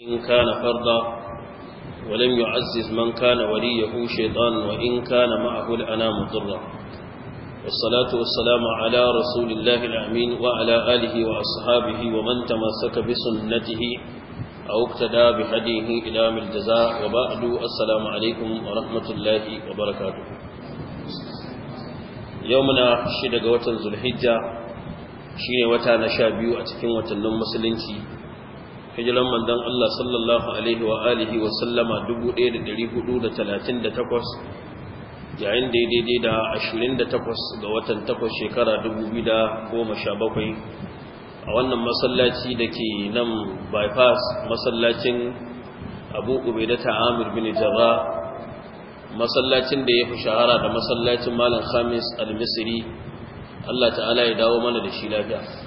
إن كان فرضا ولم يعزز من كان وليه شيطان وإن كان معه الأنام ضرا والصلاة والسلام على رسول الله الأمين وعلى آله وأصحابه ومن تمسك بسنته أو اقتدى بهديه إلى الجزاء وبعد السلام عليكم ورحمة الله وبركاته يومنا شدق وتنزل الحجة شين وتانا شابيو أتكين وتنم مسلنتي hijiran manzon Allah sallallahu alaihi wa alihi wa sallama 1438 yayin da daidai da 28 ga watan 8 shekara 2017 a wannan masallaci dake nan bypass masallacin Abu Ubaida ta bin Jarrah masallacin da ya fi shahara da masallacin malam khamis al-misri Allah ta'ala ya dawo mana da shi lafiya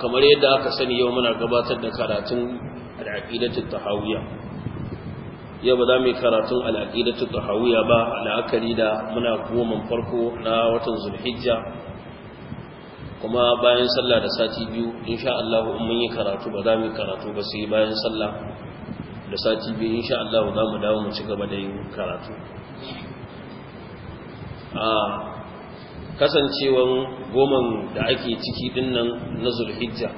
kamar yadda aka sani yau muna gabatar da karatun al'aqidatul tahawiyya yau ba za mu yi karatun al'aqidatul tahawiyya ba la'akari da muna goma farko na watan zulhijja kuma bayan sallah da sati biyu insha Allah mun yi karatu ba za mu yi karatu ba sai bayan sallah da sati biyu insha Allah za mu dawo mu ci gaba da yin karatu kasancewan goman da ake ciki din nan na zulhijja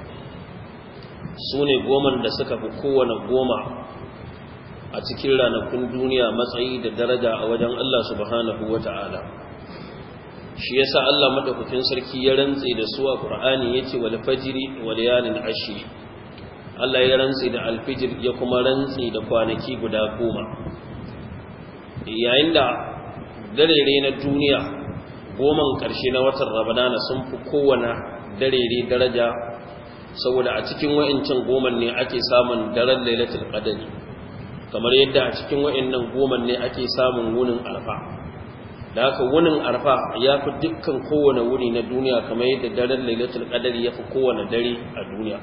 su ne goman da suka fi kowane goma a cikin ranakun duniya matsayi da daraja a wajen Allah subhanahu wa ta'ala shi ya sa Allah madaukakin sarki ya rantse da su a ya ce, wal fajiri wal yanin ashi Allah ya rantse da alfijir ya kuma rantse da kwanaki guda goma yayin da darere na duniya goman ƙarshe na watan ramadana sun fi kowane darere daraja saboda a cikin wa'incin goman ne ake samun daren lailatul ƙadari kamar yadda a cikin nan goman ne ake samun wunin arfa da haka wunin arfa ya fi dukkan kowane wuni na duniya kamar yadda daren lailatul ƙadari ya fi kowane dare a duniya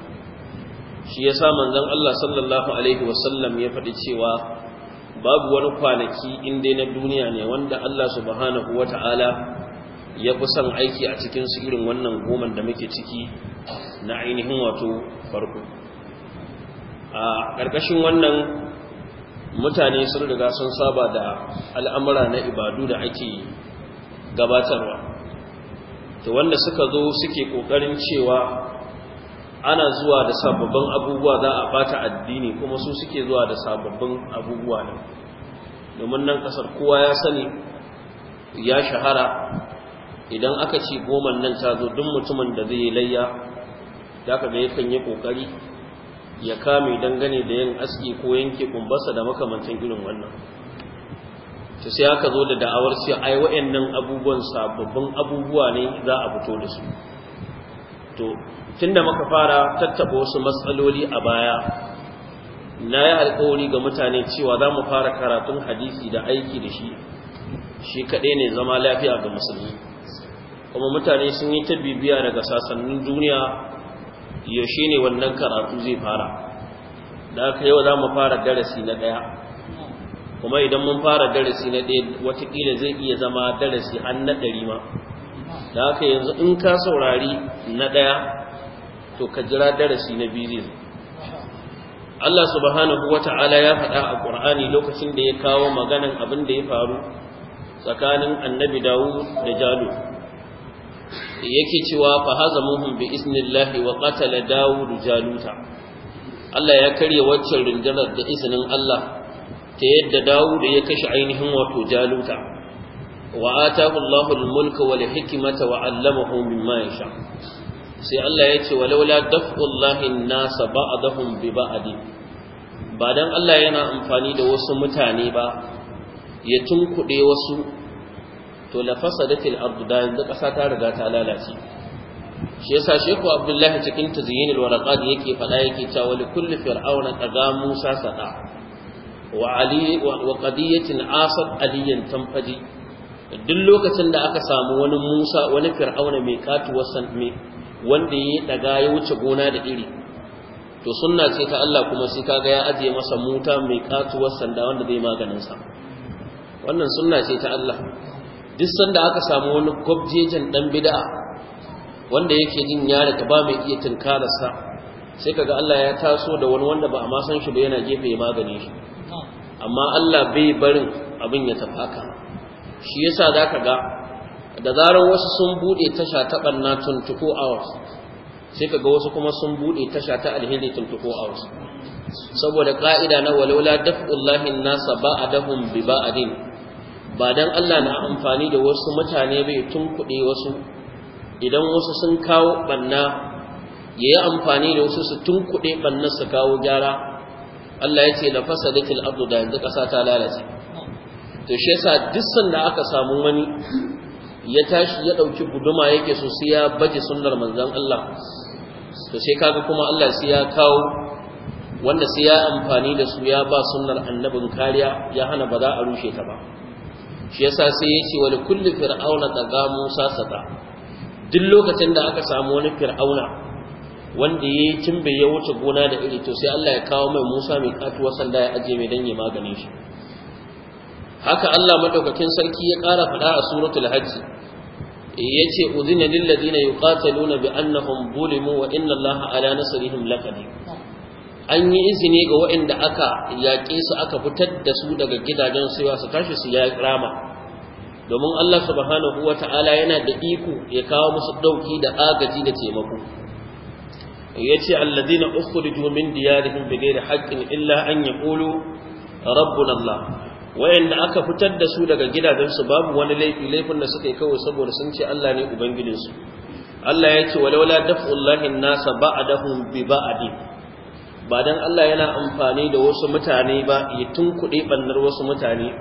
shi ya sa manzan Allah sallallahu alaihi wasallam ya faɗi cewa babu wani kwanaki inda na duniya ne wanda Allah subhanahu wata'ala ya fi son aiki a cikinsu irin wannan goman da muke ciki na ainihin wato farko a ƙarƙashin wannan mutane sun riga sun saba da al'amura na ibadu da ake gabatarwa ta wanda suka zo suke ƙoƙarin cewa ana zuwa da sababbin abubuwa za a bata addini kuma su suke zuwa da sababbin abubuwa domin nan ƙasar kowa ya sani ya shahara idan aka ci goman nan ta zo duk mutumin da zai layya da ka ga yakan yi kokari ya kame dangane da yin aski ko yanke kumbarsa da makamantan irin wannan to sai aka zo da da'awar sai ai wayannan abubuwan sababbin abubuwa ne za a fito da su to tunda muka fara tattaba wasu matsaloli a baya na yi alkawari ga mutane cewa za mu fara karatun hadisi da aiki da shi shi kaɗai ne zama lafiya ga musulmi kuma mutane sun yi ta bibiya daga sassanin duniya yaushe ne wannan karatu zai fara da aka yau za mu fara darasi na ɗaya kuma idan mun fara darasi na ɗaya watakila zai iya zama darasi an na dari ma da aka yanzu in ka saurari na ɗaya to ka jira darasi na biyu zai Allah subhanahu wata'ala ya faɗa a Ƙur'ani lokacin da ya kawo maganan abin da ya faru tsakanin annabi Dawu da jalu yake cewa fa hazamuhum bi iznillahi wa qatala daud jaluta Allah ya karya waccan rundunar da izinin Allah ta yadda daud ya kashe ainihin wato jaluta wa atahu Allahu al-mulka wal hikmata wa 'allamahu mimma yasha sai Allah ya ce walaula daf'ullahi an-nas ba'dahum bi ba'd ba dan Allah yana amfani da wasu mutane ba ya tunkuɗe wasu to la fasadatil ardu da yanzu ƙasa ta riga ta lalace shi yasa sheku abdullahi cikin tazyinil waraqat yake faɗa yake cewa li kulli fir'auna qaga musa Saɗa, wa ali wa qadiyatin asad aliyan tanfaji duk lokacin da aka samu wani musa wani fir'auna mai katuwar san wanda ya daga ya wuce gona da iri to sunna ce ta Allah kuma sai kaga ya ajiye masa muta mai katuwar sanda wanda zai maganin sa wannan sunna ce ta Allah duk sanda aka samu wani gwabjejen dan bid'a wanda yake jin ya da ba mai iya tunkararsa sai kaga Allah ya taso da wani wanda ba a ma san shi ba yana gefe ya magani shi amma Allah bai barin abin ya tafi haka shi yasa zaka ga da zarar wasu sun bude tasha ta banna tuntuko hours sai kaga wasu kuma sun bude tasha ta alheri tuntuko hours saboda ka'ida na walawla daf'ullahi an-nasa ba'adahum bi ba'adin ba don Allah na amfani da wasu mutane bai tun kuɗe wasu idan wasu sun kawo ɓanna, ya yi amfani da wasu su tun kuɗe ɓanna su kawo gyara Allah ya ce na fasa da ardu da yanzu ƙasa ta lalace to shi yasa dusan da aka samu wani ya tashi ya ɗauki guduma yake so sai ya baje sunnar manzon Allah to sai kaga kuma Allah sai ya kawo wanda sai ya amfani da su ya ba sunnar annabin kariya ya hana ba za a rushe ta ba shi yasa sai ya ce wani kulli fir'auna ga musa sata duk lokacin da aka samu wani fir'auna wanda ya yi cimbe ya wuce gona da iri to sai allah ya kawo mai musa mai katuwar sanda ya aje mai danye maganin shi haka allah maɗaukakin sarki ya ƙara faɗa a suratul hajji eh, ya ce udina lillazina yuqataluna bi annahum bulimu wa inna allaha ala nasrihim laqadir an yi izini ga waɗanda aka yaƙi su aka fitar da su daga gidajen saiwa su tashi su ya rama domin Allah subhanahu Ta'ala yana da iko ya kawo musu ɗauki da agaji da taimako ya ce alladina ukhriju min diyarihim da haƙƙin illa an yaqulu rabbuna Allah Waɗanda aka fitar da su daga gidajen su, babu wani laifi laifin da suka yi kawai saboda sun ce Allah ne ubangijinsu Allah ya ce walaula dafu Allahin nasa ba'dahum bi ba'din ba don Allah yana amfani da wasu mutane ba tun kuɗi bannar wasu mutane ya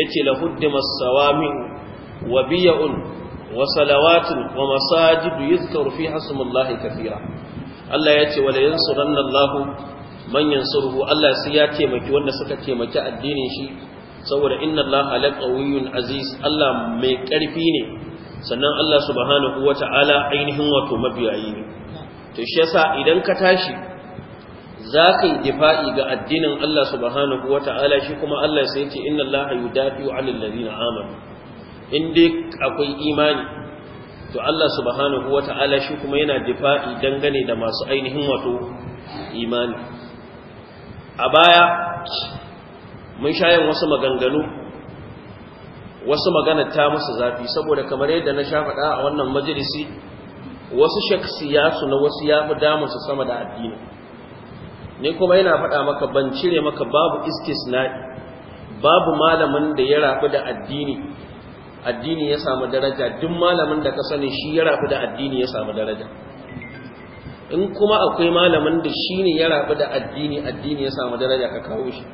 yace la huddimas sawami wa biya'un wa salawatin wa masajidu yuzkaru fiha smullahi kafira Allah ya ce, yace wala yansuranna manyan manyan surhu Allah sai ya taimaki wanda suka taimaki addinin shi saboda inna Allah laqawiyyun aziz Allah mai ƙarfi ne sannan Allah subhanahu wata'ala ainihin wato mabiyayi ne to shi yasa idan ka tashi za ka yi difa'i ga addinin Allah subhanahu wa ta'ala shi kuma Allah sai ce inna Allah ya dafi wa alillari na amanu in akwai imani to Allah subhanahu wa ta'ala shi kuma yana difa'i dangane da masu ainihin wato imani a baya mun shayin wasu maganganu wasu magana ta musu zafi saboda kamar yadda na sha faɗa a wannan majalisi wasu shaksiyasu na wasu ya fi su sama da addini ni kuma yana faɗa maka ban cire maka babu istisna'i babu malamin da ya rabu da addini addini ya samu daraja duk malamin da ka sani shi ya rabu da addini ya samu daraja in kuma akwai malamin da shi ne ya rabu da addini addini ya samu daraja ka kawo shi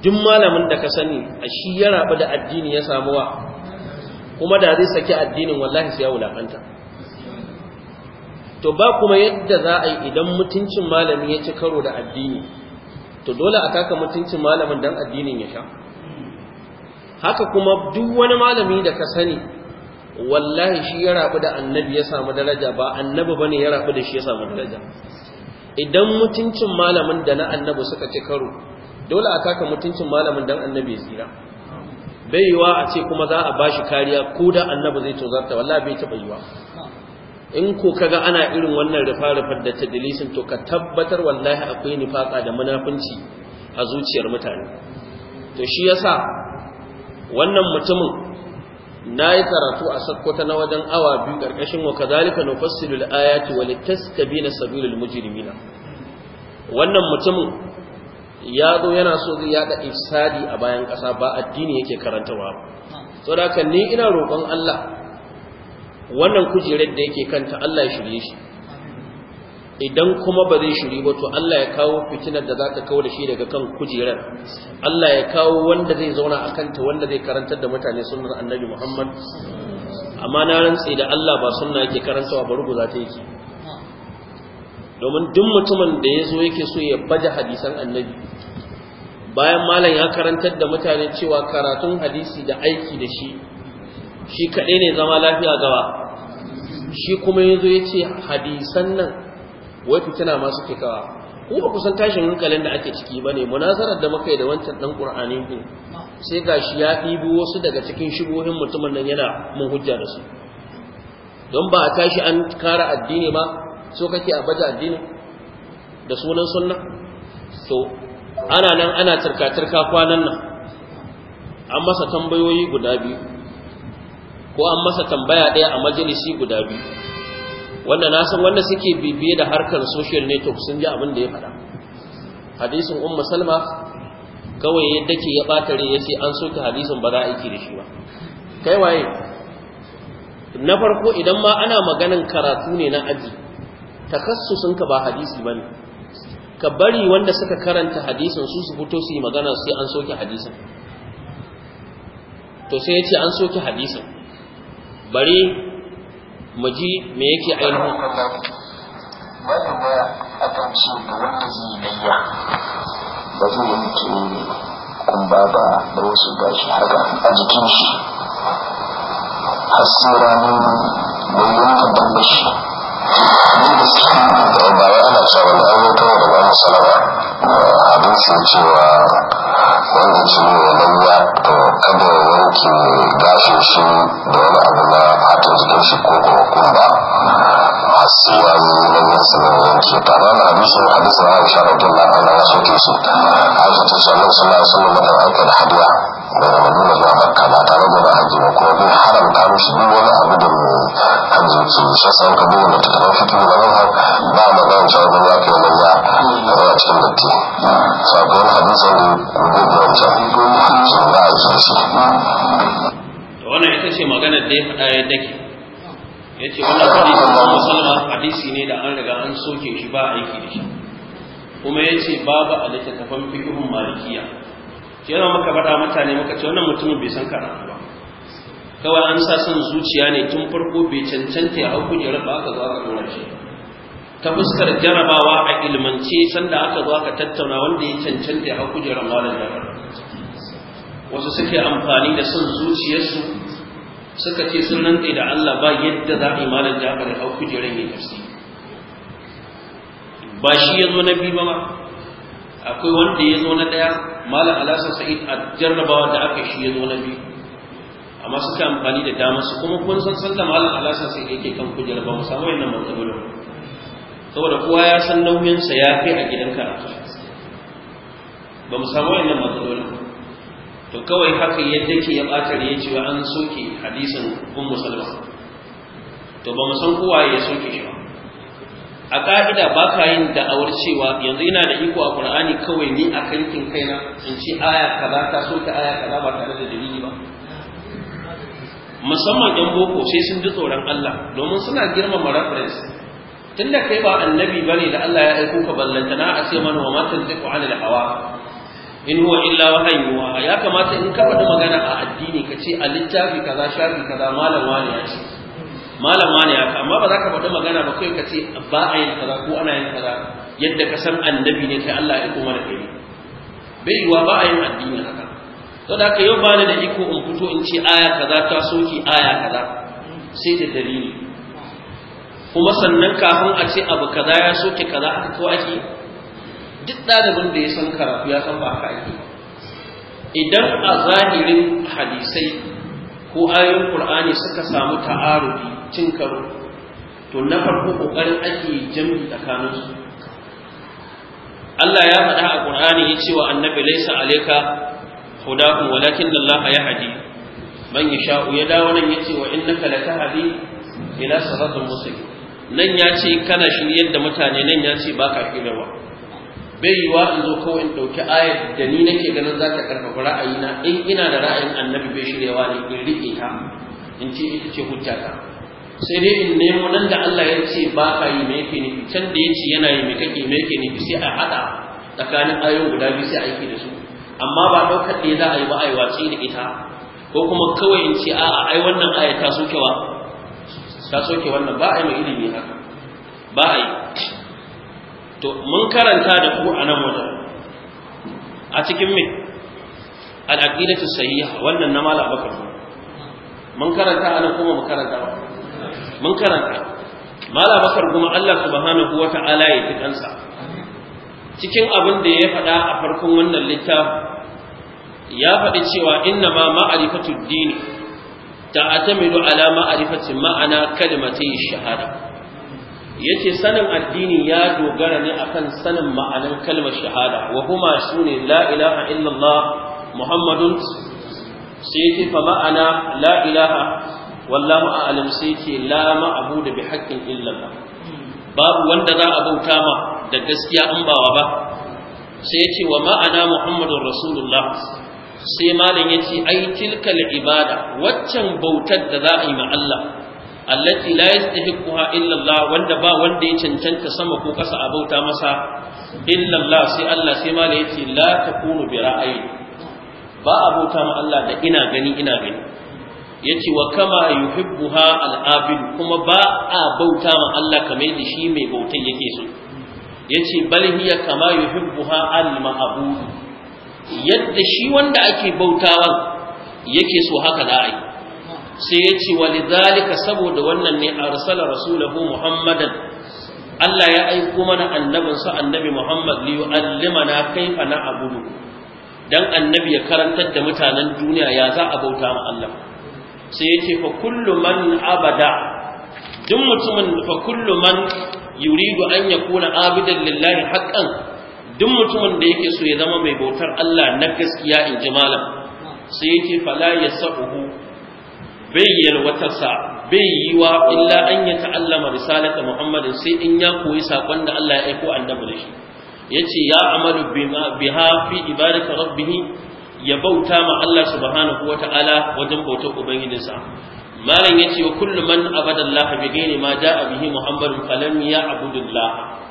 duk malamin da ka sani a shi ya rabu da addini ya samu wa kuma da zai saki addinin wallahi sai ya wulakanta to ba kuma yadda za a yi idan mutuncin malami ya ci karo da addini to dole a taka mutuncin malamin dan addinin ya sha haka kuma duk wani malami da ka sani wallahi shi ya rabu da annabi ya samu daraja ba annabi bane ya rabu da shi ya samu daraja idan mutuncin malamin da na annabi suka ci karo dole a taka mutuncin malamin dan annabi ya tsira bai yiwa a ce kuma za a bashi kariya ko da annabi zai tozarta wallahi bai taba yiwa in ko kaga ana irin wannan rufa-rufar da ta dalisin to ka tabbatar wallahi akwai nifaka da munafunci a zuciyar mutane to shi yasa wannan mutumin na yi karatu a sakkwata na wajen awa biyu ƙarƙashin wa kazalika na fassilul ayati wa littaskabi na sabilul mujrimina wannan mutumin ya zo yana so zai yada ifsadi a bayan ƙasa ba addini yake karantawa ba saboda ni ina roƙon Allah wannan kujerar da yake kanta Allah ya shirye shi idan kuma ba zai shiri ba to Allah ya kawo fitinar da zaka kawo da shi daga kan kujerar Allah ya kawo wanda zai zauna a kanta wanda zai karantar da mutane sunnar annabi Muhammad amma na rantsi da Allah ba sunna yake karantawa ba ruguza ta yake domin duk mutumin da ya zo yake so ya baje hadisan annabi bayan malam ya karantar da mutane cewa karatun hadisi da aiki da shi shi kaɗai ne zama lafiya gawa shi kuma yanzu ya ce hadisan nan wai fitina masu kikawa ko ba kusan tashin hankalin da ake ciki ba ne, munazarar da muka yi da wancan ɗan ƙur'ani ne, sai shi ya ɗibi wasu daga cikin shigohin mutumin nan yana mun hujja da su don ba a tashi an kara addini ba so kake a baje addini da sunan sunna to ana nan ana turka-turka kwanan nan an masa tambayoyi guda biyu ko an masa tambaya ɗaya a majalisi guda biyu wanda na san wanda suke bibiye da harkar social network sun ji abin da ya faɗa hadisin umma salma kawai yadda ke ya ɓata rai ya ce an soke hadisin ba za a aiki da shi ba kai waye na farko idan ma ana maganin karatu ne na aji ka ba hadisi ba ne ka bari wanda suka karanta hadisin su su fito su yi magana sai an soke hadisin to sai ya ce an soke hadisin bari mu ji me yake ainihin bayan ba a kan shi da wanda zai gayya ba zai yanke kumba ba da wasu ba shi haka a jikin shi har sai ranar da yanka bamba shi don da suke da ba ya ana cewa da an yi kawo da ba na salama abin sun cewa wanda ke yi wa layya to kada ya wanke gashin shi da wani abu na fatan jikin shi ko kuma kumba har sai ya yi layyar sa zai wanke ta ba na hadisin hadisin aisha radiyallahu anha ya soke shi aisha ta ce annabi sallallahu alaihi wasallam ya aika da hadiya daga madina zuwa makka ba tare da hajji ba kuma bai haramta musu duk wani abu da mai hajji ke shi sai ka duba da ta da nan ba magana cewa ba ya kai layya a wannan ita ce maganar da ya faɗa ya dake ya ce wannan da ba musamman hadisi ne da an riga an soke shi ba aiki da shi kuma ya ce babu a littattafan fikihun malikiya ke yana muka faɗa mutane muka ce wannan mutumin bai san karatu ba kawai an sa son zuciya ne tun farko bai cancanta ya hau kujerar ba aka zo aka dora shi ta fuskar jarabawa a ilmance sanda aka zo aka tattauna wanda ya cancanta ya kujerar malam jami'ar wasu suke amfani da son zuciyarsu suka ce sun nan da Allah ba yadda za a yi malam jami'ar ya kujerar ya tafsi ba shi ya zo na biyu ba akwai wanda ya zo na ɗaya malam alasa sa'id a jarabawa da aka shi ya zo na biyu amma suka amfani da damar su kuma kun san san malam alasan sa'id yake kan kujerar ba mu samu wannan matsalolin saboda kowa ya san nauyinsa ya fi a gidan karatu ba mu samu wannan matsalolin to kawai haka yadda ke ya bata ya cewa an soke hadisin un musulma to ba mu san kowa ya soke shi ba a ƙa'ida ba ka yin da'awar cewa yanzu yana da iko a ƙur'ani kawai ni a kankin kaina in ci aya kaza ta soke aya kaza ba tare da dalili ba musamman yan boko sai sun ji tsoron Allah domin suna girmama reference tunda kai ba annabi ne da Allah ya aiko ka ballantana a ce mana wa ma tanziqu anil hawa in huwa illa wa wa ya kamata in ka faɗi magana a addini ka ce a littafi kaza shafi kaza malam wani ya ce malam wani ya amma ba za ka faɗi magana ba kai ka ce ba a yin kaza ko ana yin kaza yadda ka san annabi ne sai Allah ya aiko mana kai bai yiwa ba a yin addini haka to da ka yau ba ni da iko in fito in ce aya kaza ta soki aya kaza sai da dalili kuma sannan kafin a ce abu kaza ya soke kaza aka ko ake duk ɗalibin da ya san karatu ya san ba ka ake idan a zahirin hadisai ko ayoyin qur'ani suka samu ta'arudi cin karo to na farko kokarin ake jami'i tsakanin su Allah ya faɗa a Qur'ani ya ce wa annabi laysa alayka hudahu walakin Allah ya hadi man yasha'u ya dawo nan yace wa innaka latahdi ila siratal mustaqim nan ya ce kana shiryar da mutane nan ya ce ba ka ba. bai yiwa in zo kawai in ɗauki ayar da ni nake ganin za ta ƙarfafa ra'ayina in ina da ra'ayin annabi bai shiryawa ne in riƙe ta in ce ita ce hujja ta sai dai in nemo nan da Allah ya ce ba ka yi me yake nufi can da ya ce yana yi me kake me yake nufi sai a haɗa tsakanin ayoyin guda biyu sai aiki da su amma ba ɗaukar ɗaya za a yi ba a yi da ita ko kuma kawai in ce a'a ai wannan aya ta sokewa ka soke wannan ba a yi mai ilimi haka ba a yi to mun karanta da ku a nan wajen a cikin mai al'adidatu sahiha wannan na mala su mun karanta ana kuma mu karanta ba mun karanta mala bakar kuma Allah subhanahu wata'ala ya ji kansa cikin abin da ya faɗa a farkon wannan littafin ya faɗi cewa inna ma ma'arifatu dini ta'tamidu ala ma'rifati ma'ana kalimatin shahada yace sanin addini ya dogara ne akan sanin ma'anan kalmar shahada wa huma sune la ilaha illallah muhammadun sai fa ma'ana la ilaha wallahu a'lam sai yace la ma'budu bi haqqin illallah babu wanda za a bauta ma da gaskiya an bawa ba sai yace wa ma'ana muhammadur rasulullah sai malam ya ce ai tilkal ibada waccan bautar da za a yi ma Allah allati la yastahiquha illa Allah wanda ba wanda ya cancanta sama ko ƙasa a bauta masa illa Allah sai Allah sai ya ce la takunu bi ra'ayi ba a bauta ma Allah da ina gani ina gani yace wa kama yuhibbuha al kuma ba a bauta ma Allah kamar yadda shi mai bautar yake so yace bal hiya kama yuhibbuha al-ma'bud yadda shi wanda ake bautawa yake so haka za a yi sai ya ce wa walidhalika saboda wannan ne arsala rasulahu muhammadan Allah ya aiko mana annabin sa annabi Muhammad li na kaifa abudu dan annabi ya karantar da mutanen duniya ya za a bauta ma Allah sai ya ce fa kullu man abada duk mutumin fa kullu man yuridu an yakuna abidan lillahi haqqan duk mutumin da yake so ya zama mai bautar Allah na gaskiya in ji malam sai yake fala ya sa'uhu bayyana watarsa bai yi wa illa an ya ta'allama risalata Muhammadin sai in ya koyi sakon da Allah ya aiko annabi da shi yace ya amalu biha fi ibadati rabbih ya bauta ma Allah subhanahu wata'ala wajen bautar ubangijinsa malam yace wa kullu man abada Allah bi ghairi ma ja'a bihi Muhammadun falam ya abudullah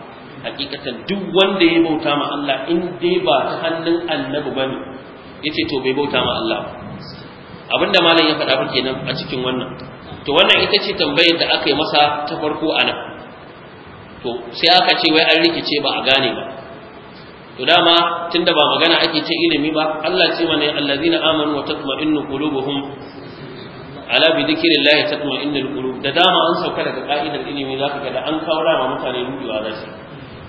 hakikatan duk wanda ya bauta ma Allah in dai ba ta hannun annabi bane yace to bai bauta ma Allah abinda malam ya faɗa ba kenan a cikin wannan to wannan ita ce tambayar da aka yi masa ta farko a nan to sai aka ce wai an rikice ba a gane ba to dama tunda ba magana ake ce ilimi ba Allah ce mana allazina amanu wa tatma'innu qulubuhum ala bi dhikrillah tatma'innul qulub da dama an sauka daga ka'idar ilimi zaka ga da an kawo rawa mutane wa zasu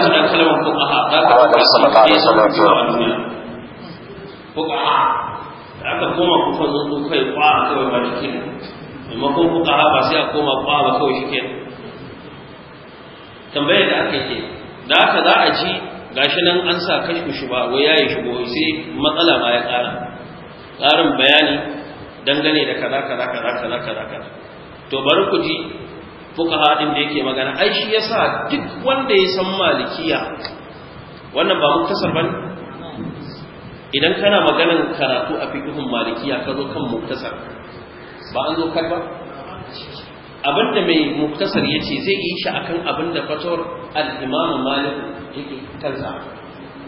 suna kalmar fuqaha za ka ga sallallahu alaihi wasallam fuqaha aka koma kufa zuzu kai kwa kawai ba shi kenan maimakon fuqaha ba sai a koma kwa ba kawai shi kenan tambayar da aka yi da haka za a ji gashi nan an sa kashku shi ba wai ya yi shigo sai matsala ma ya ƙara ƙarin bayani dangane da kaza kaza kaza kaza kaza to bari ku ji fuqaha din da yake magana ai shi yasa duk wanda ya san malikiya wannan ba muktasar bane idan kana maganan karatu a fiqhun malikiya ka zo kan muktasar ba an zo kai ba abinda mai muktasar yace zai yi shi akan abinda fatawar al-imam malik yake kansa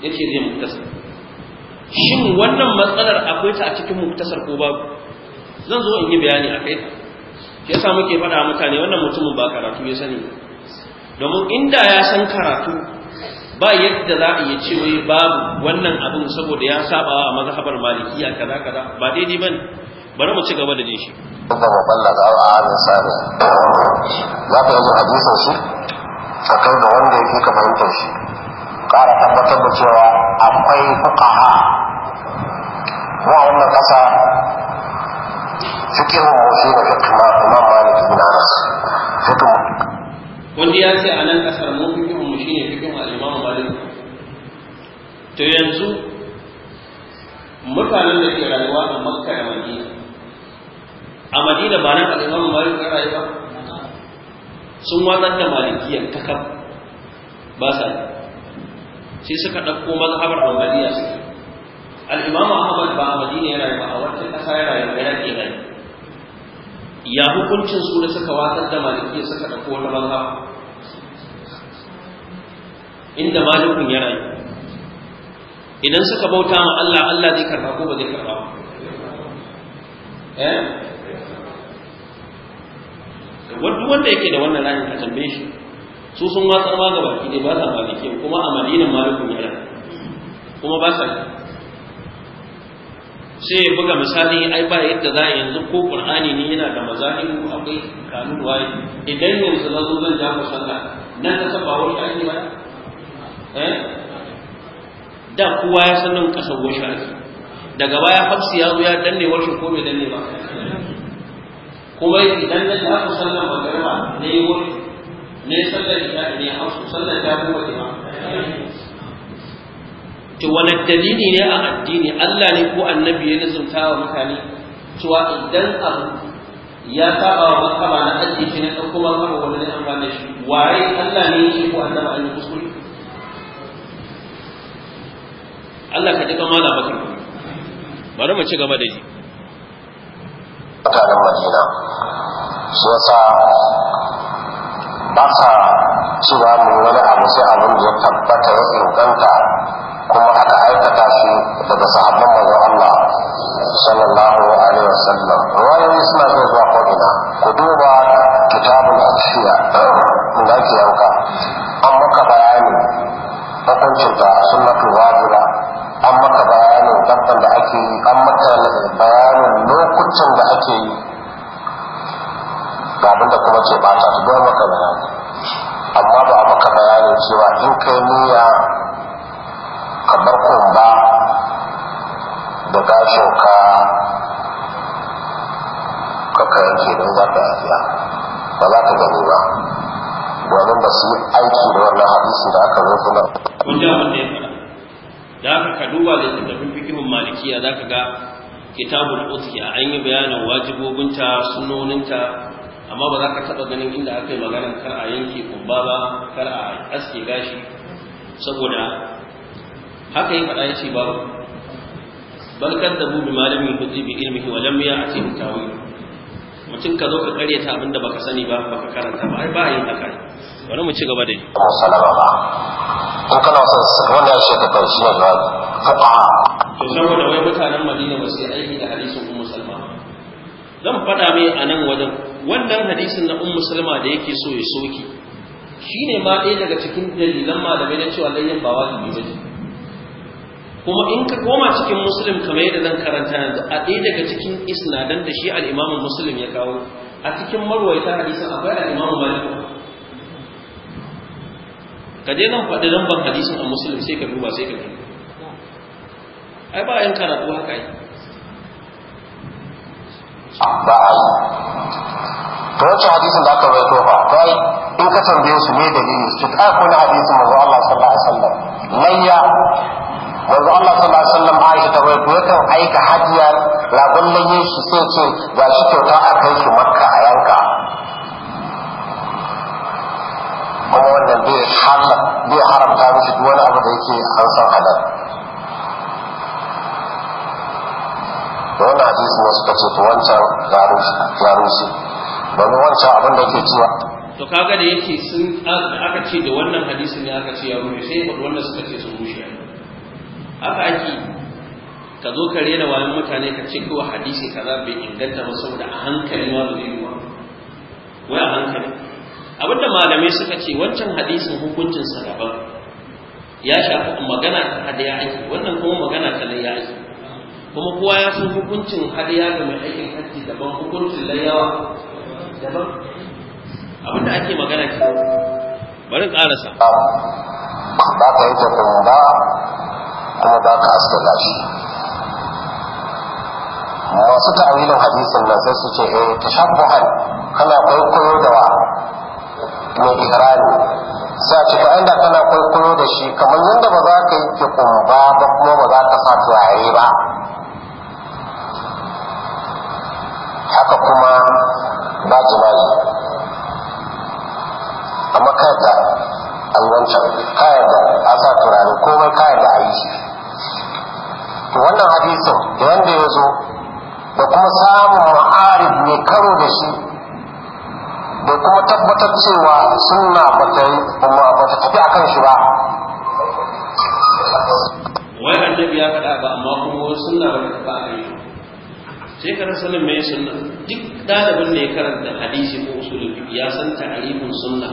yace zai muktasar shin wannan matsalar akwai ta a cikin muktasar ko babu zan zo in yi bayani akai shi yasa muke faɗa mutane wannan mutumin ba karatu ya sani domin inda ya san karatu ba yadda za a iya ce wai babu wannan abin saboda ya saba wa mazhabar malikiya kaza kaza ba daidai bane bari mu ci gaba da jin shi kuma maballa da al'adun sani za ka yi hadisin shi a kai da wanda yake ka fahimtar shi Kara tabbatar da cewa akwai fuqaha mu a wannan ƙasa fikin musu na fikin ma imam malik ibn anas fikin wanda ya ce a nan kasar mu fikin mu shine fikin al-imam malik to yanzu mutanen da ke rayuwa a makka da madina a madina ba nan al-imam malik ya rayu ba sun watsar da malikiyar ta kaf ba sa sai suka ɗauko mazhabar ambaliya suke al-imam ahmad ba a madina yana ba a wata kasa yana yana kenan ya hukuncin su da suka watsar da maliki ya saka ɗauko wata banza inda malikun yana yi idan suka bauta ma Allah Allah zai karɓa ko ba zai karɓa? ba eh wanda wanda yake da wannan ra'ayin ka tambaye shi su sun watsar ma ga baki dai ba sa maliki kuma a madinan malikun yana kuma ba sa sai ya buga misali ai ba yadda za yanzu ko qur'ani ne yana da mazahiru akwai kanun waye idan yanzu na zo zan ja ku sallah nan da saba wa shi ba eh da kowa ya san nan kasar washi ake daga baya hafsi ya zo ya danne washi ko bai danne ba kuma idan na ja ku sallah magarba ne yi wani ne sallar ita ne hafsu sallar ta kuma ba To wani dalili ne a addini Allah ne ko annabi ya nazarta wa mutane cewa idan abu ya saba wa makama na addini shi na kuma makama wani ne amfani shi waye Allah ne shi ko annabi an yi kuskure Allah ka jika mala bakar bari mu ci gaba da shi mutanen Madina so sa ba sa cewa mun wani abu sai abin da ya tabbata ya inganta kuma aka aikata shi daga sahabban manzon Allah sallallahu alaihi wasallam ruwayoyi suna zuwa zuwa ko'ina ku duba kitabul ashiya da ke yanka an maka bayani hukuncin da sunnatul wajira an maka bayanin dabban da ake yi an maka bayanin lokutan da ake yi ga abinda kuma ce ba su don maka bayani amma ba a maka bayanin cewa in kai niyya malikiya za ka ga kitabul uthiya an yi bayanin wajibobinta sunoninta amma ba za ka taɓa ganin inda aka yi maganar kar a yanke kumba ba kar a aske gashi saboda haka yi faɗa ya ce ba, bal da bubi malami hudi bi ilmihi wa lam ati tawil mutum ka zo ka karyata abinda baka sani ba baka karanta ba ai ba yin haka bari mu ci gaba da yi salama ba in kana son wanda shi ka kai shi ne ba to saboda wai mutanen madina ba sai aiki da hadisin ummu salma zan faɗa mai a nan wajen wannan hadisin na ummu salma da yake so ya soki shine ma ɗaya daga cikin dalilan malamai na cewa layyan ba wajibi ba kuma in ka koma cikin muslim kamar yadda zan karanta yanzu a ɗaya daga cikin isnadan da shi al'imamin muslim ya kawo a cikin marwaita hadisin akwai al'imamin malik ka je nan faɗi lambar hadisin a muslim sai ka duba sai ka duba ai ba yin karatu haka yi ba a yi Ta yace hadisin da aka rawaito fa ta yi in ka tambaye su da dalili su ka kuna hadisin mazu Allah sallallahu alaihi wasallam layya mazu Allah sallallahu alaihi wasallam Aisha ta rawaito yakan aika hajiya ragon layyin su sai ce ga shi kyauta a kai shi Makka a yanka kuma wannan bai haramta mishi duk wani abu da yake an san halal suka ce to wancan ya rushe domin wancan abin da ke cewa to kaga da yake sun aka ce da wannan hadisi ne aka ce ya rushe sai faɗi wannan suka ce sun rushe haka ake ka zo ka rena wayan mutane ka ce kawai hadisi kaza bai inganta ba saboda a hankali ma da zai wai a hankali abinda malamai suka ce wancan hadisin hukuncin sa daban ya shafi magana ta hadaya ake wannan kuma magana ta ya ake kuma kowa ya san hukuncin hadiya ga mai aikin hajji daban hukuncin layawa daban abinda ake magana ke bari karasa ba ka yi tafin ba kuma ba ka asala shi masu ta'awilin hadisin nan sai su ce eh tashabbuhan kana kwaikwayo da wa mai ihrami sai ce ba inda kana kwaikwayo da shi kamar yadda ba za ka yi kuma ba kuma ba za ka sa turare ba haka kuma ba jima'i amma kada a yi wancan kayar da a sa turare komai kayar da a yi shi wannan hadisin da ya zo da kuma samun ma'arif mai karo da shi da kuma tabbatar cewa suna bata yi bata tafi a kan shi ba wai annabi ya faɗa ba amma kuma suna ba sai ka rasa nan mai sunna duk dalibin ne karanta hadisi ko usulul fiqh ya san ta'rifin sunna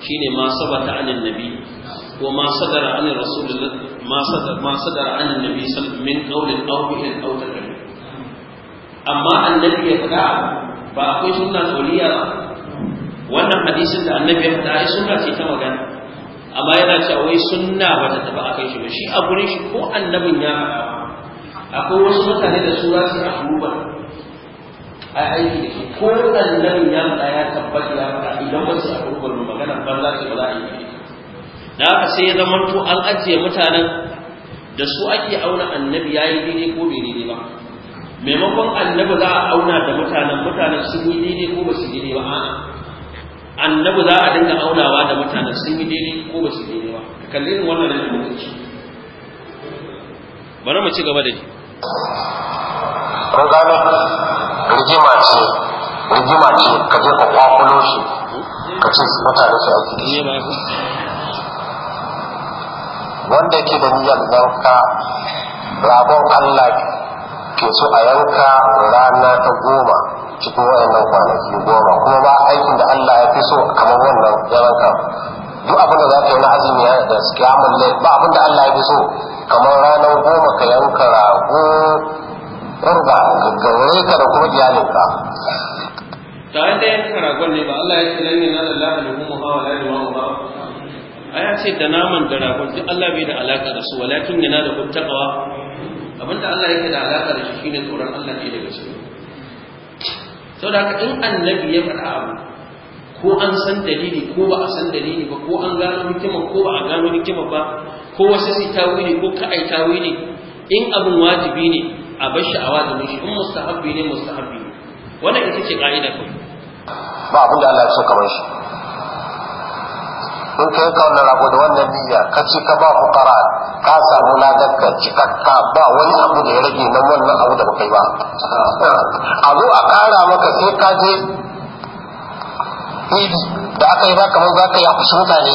shine ma sabata anin nabi ko ma sadara anin rasulullah ma sadara ma sadara anin nabi sallallahu min qawlin aw fi'lin aw taqrir amma annabi ya faɗa ba akwai sunna soliya ba wannan hadisin da annabi ya faɗa ai sunna ce ta magana amma yana cewa wai sunna ba ta taba akai shi ba shi a gurin shi ko annabin ya faɗa akwai wasu mutane da su za su yi abubuwa a aiki da shi ko nan ya faɗa ya tabbata ya faɗa idan ba su abubuwa ba magana ban za su ba za a yi da aka sai ya zama to an ajiye mutanen da su ake auna annabi ya yi daidai ko bai daidai ba maimakon annabi za a auna da mutanen mutanen sun yi daidai ko ba su daidai ba a'a annabi za a dinga aunawa da mutanen sun yi daidai ko ba su daidai ba ka kalli wannan da mutunci bari mu ci gaba da shi kun rigima ce rigima ce ka je ka kwakulo shi ka ce mutane wanda ke da niyyar yanka rabon allah ke so a yanka rana ta goma cikin wayannan kwanaki goma kuma ba aikin da allah ya fi so kamar wannan yankan duk abin da za ka yi na azumi da kyamun lai ba abin da allah ya fi so kamar ranar goma ka yanka rago rurba gaggare ka da kuma iyalinka tare da yanka ragon ne ba Allah ya ce lalle na lillahi da kuma hawa la ilaha ba ya ce da naman da ragon duk Allah bai da alaka da su walakin yana da kuttakawa abinda Allah yake da alaka da shi shine tsoron Allah ne daga cikin saboda haka in annabi ya faɗa abu ko an san dalili ko ba a san dalili ba ko an gano hikima ko ba a gano hikima ba ko wasu su tawili ko ka ai tawili in abin wajibi ne a bar shi a wajibin shi in mustahabbi ne mustahabbi ne wannan ita ce ka'ida ko ba abin da Allah ya so kamar shi in ka yanka wannan rago da wannan niyya ka ci ka ba kara, ka samu ladan ka cikakka ba wani abu da ya rage nan wannan abu da baka yi ba a zo a kara maka sai ka je idi da aka yi ba kamar za ka yi a kusurta ne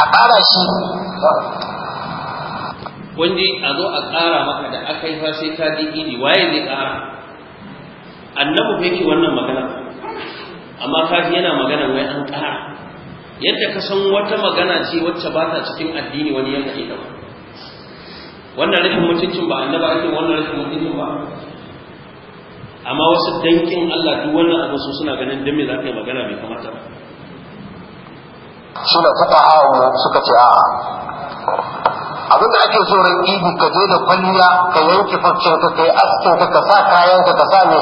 a ƙara shi wanda a zo a ƙara maka da aka yi sai ka ji idi waye zai ƙara annabu ka yake wannan magana amma kaji yana magana wai an ƙara yadda ka san wata magana ce wacce ba ta cikin addini wani yana ita ba wannan rashin mutuncin ba annaba ake wannan rashin mutuncin ba amma wasu dankin Allah duk wannan abu su suna ganin dan me za ka yi magana bai kamata ba shi ne ta hawa suka ce a'a abin da ake so ran idi ka je da kwalliya ka yanke farcen ka kai askin ka ka sa kayan ka ka sa ne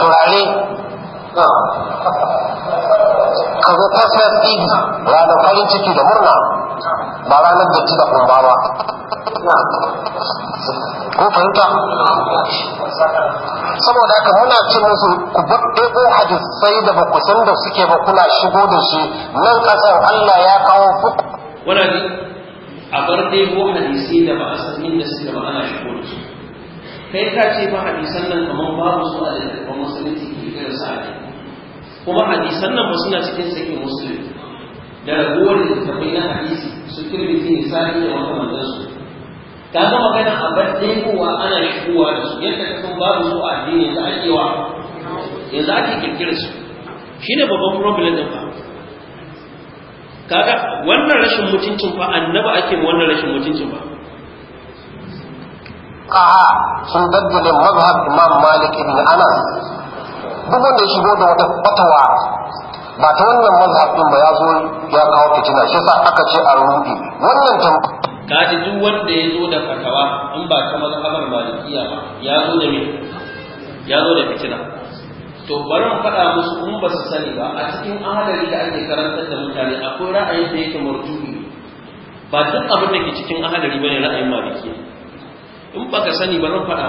turare ka zo tasfas idi ranar farin ciki da murna ba ranar da ci da kumba ba ko fahimta saboda haka muna ce musu ku ɗebo hadisai da ba ku san da suke ba kuna shigo da shi nan ƙasar Allah ya kawo fuku. Wala ne a bar ɗebo hadisai da ba a san inda suke ba ana shigo da su. Kai ka ce ba hadisan nan kamar babu su a littattafan musulunci ke irin sa ne. Kuma hadisan nan ba suna cikin sakin musulunci. Da ragowar littattafai na hadisi su kirmi ne sa'in da makamantansu. ka ga magana a bar ɗebowa ana shigowa da su yadda ka san babu su a addini yanzu ake wa yanzu ake kirkira su shi ne babban problem ɗin ba kaga wannan rashin mutuncin fa annaba ake wannan rashin mutuncin ba ka'a sun da mazhab imam malik ibn anas duk wanda ya shigo da wata fatawa ba ta wannan mazhab din ba ya zo ya kawo fitina shi sa aka ce a rubi wannan tambaya kaji duk wanda ya zo da fatawa in ba ta mazhabar malikiya ba ya zo da me ya zo da fitina to bari mu faɗa musu kuma ba su sani ba a cikin ahadari da ake karantar da mutane akwai ra'ayin da yake murjuhi ba duk abin da ke cikin ahadari bane ra'ayin malikiya in baka sani bari mu faɗa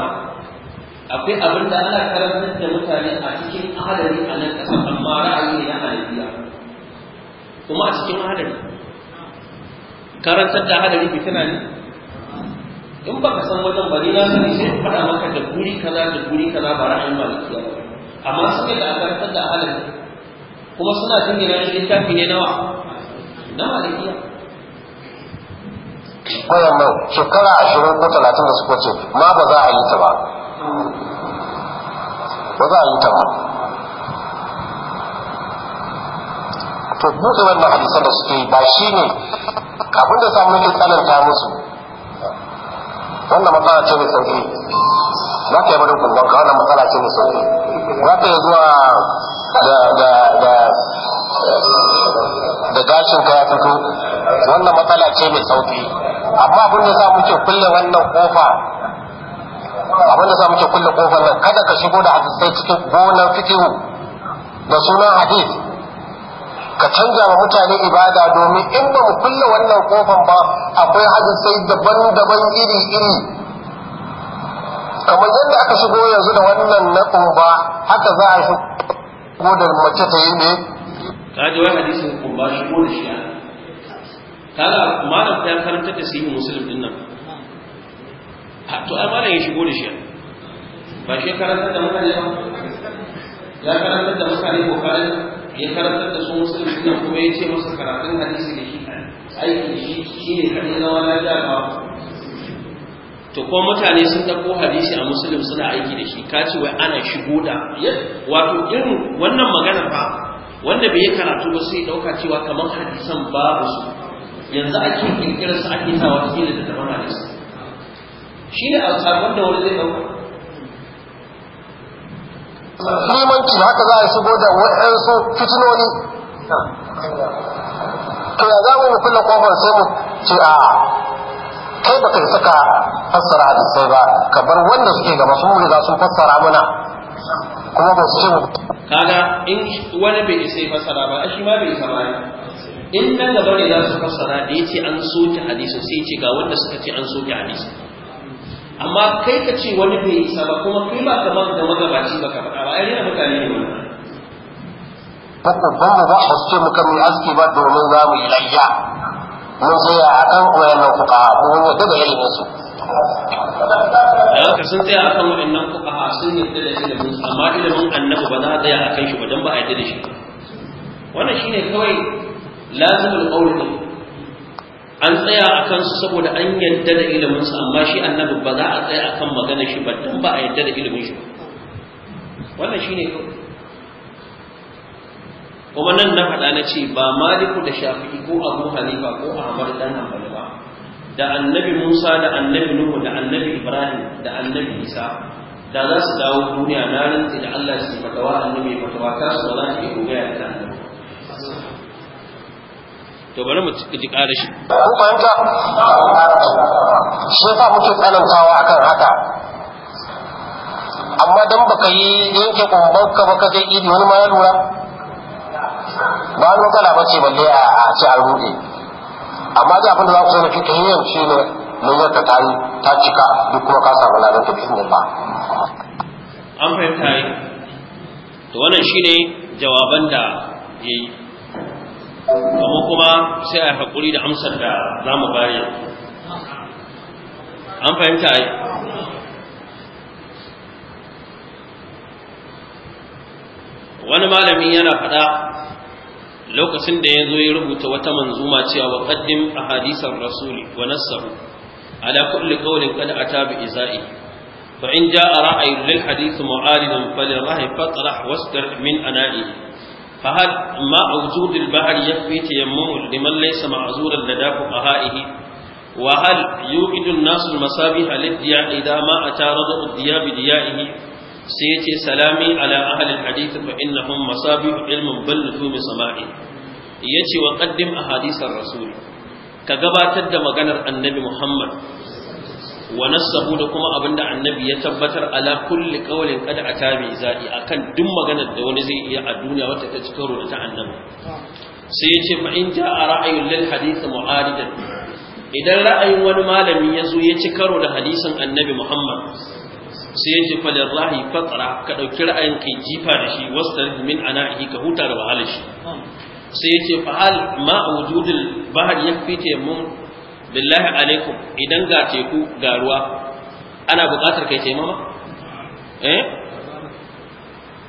akwai abin da ana karantar da mutane a cikin ahadari a nan ƙasa amma ra'ayi ne na malikiya kuma a cikin ahadari. karantar da hadari fitina ne in ba ka san wajen bari na sani sai faɗa maka da guri kaza da guri kaza ba ra'ayin malikiya ba amma suke da karantar da hadari kuma suna jingina shi littafi ne nawa na malikiya wannan nan shekara ashirin ko talatin da suka ce ma ba za a yi ta ba ba za a yi ta ba to buɗe wannan hadisa da suke ba shi ne abin da samu nake tsananta musu wannan matsala ce mai sauki za ka yi mana kundin ka wannan matsala ce mai sauki za ka yi zuwa da da da da gashin ka ya fito wannan matsala ce mai sauki amma abin da samu ke kulle wannan kofa abin da samu ke kulle kofar nan kada ka shigo da hadisai cikin gonar fikihu da sunan hadis ka canza wa mutane ibada domin in ba mu kulle wannan kofan ba akwai hadisai daban-daban iri-iri kamar yadda aka shigo yanzu da wannan na kumba haka za a shigo da mace ta yi ne ka ji wani hadisin kumba shigo da shi kaga malam ta karanta da sahihi muslim din nan to ai malam ya shigo da shi ba shi karanta da mutane ba ya karantar da mutane kokarin ya karantar da su musulunci nan kuma ya ce musu karatun hadisi da shi aiki da shi shi ne kaɗai zama lafiya ba to ko mutane sun ɗauko hadisi a musulmi suna aiki da shi ka ce wai ana shigo da wato irin wannan magana ba wanda bai karatu ba sai ɗauka cewa kamar hadisan babu su yanzu ake kirkirar su ake sawa cikin da tattabar hadisi shi ne a da wani zai ɗauka limanci da haka za a shigo da waɗansu fitinoni to ya za mu yi kula kofar sai mu ce a kai ba kai saka fassara sai ba ka bar wanda suke gaba su riga sun fassara mana kuma ba su ce kaga in wani bai isa fassara ba shi ma bai isa ba in nan gaba ne za su fassara da ce an soke hadisi sai ce ga wanda suka ce an soke hadisi amma kai ka ce wani bai isa ba kuma kai ba kamar da magabaci ba ka faɗa ba ai ne mutane ne wannan fasabbana za a ce muka mai aski ba domin za mu yi layya mun tsaya a kan wayannan fuka mun wadda da ilimin su haka sun tsaya akan wayannan fuka sun yi da ilimin su amma ilimin annabi ba za a tsaya a kan shi ba don ba a yadda da shi wannan shine kawai lazimul qawl an tsaya a kansu saboda an yadda da iliminsa amma shi annabi ba za a tsaya akan magana shi ba don ba a yadda da ilimin shi wannan shi ne kuma nan na faɗa na ce ba maliku da shafi'i ko abu halifa ko ahmad dan hanbali ba da annabi musa da annabi nuhu da annabi ibrahim da annabi isa da za su dawo duniya na rinti da allah su fatawa annabi fatawa ta su ba za su iya goya da annabi to bari mu ji ƙara shi kun fahimta shi sa muke tsanantawa akan haka amma dan baka yi yanke kumban ka baka je idi wani ma ya lura ba wani matsala ba ce balle a ce a rude amma da abin da za ku sai na fita yin shi ne yi ka ta yi ta cika duk kuma ka samu ladan ta bisin ba an fahimta yi to wannan shine jawaban da ya yi amma kuma sai a haƙuri da amsar da za mu bari an fahimta ai wani malami yana faɗa lokacin da ya zo ya rubuta wata manzuma cewa wa qaddim ahadisan rasuli wa nassahu ala kulli qawlin qad ata bi izai fa in jaa ra'ayu lil hadith mu'alidan rahi fatrah wastar min ana'i فهل ماء وجود البحر يكفي تيممه لمن ليس معذورا لدى فقهائه وهل يوقد الناس المصابيح للدياء إذا ما أتى رضع الدياء بديائه سيتي سلامي على أهل الحديث فإنهم مصابيح علم بل نتوم سمائه يتي وقدم أحاديث الرسول كقبات الدم النبي محمد wa nasabu da kuma abinda annabi ya tabbatar ala kulli qawlin a ata zaɗi zadi akan duk maganar da wani zai iya a duniya wata ta ci da ta annabi sai yace fa in ja ra'ayun lil hadith mu'aridan idan ra'ayin wani malamin ya zo ya ci karo da hadisin annabi Muhammad sai yace fa lirahi fatra ka dauki ra'ayin kai jifa da shi wastar min anahi ka huta da wahalar shi sai ya fa hal ma wujudul bahr yakfi tayammum billahi alaikum idan ga teku ga ruwa ana buƙatar kai taimama eh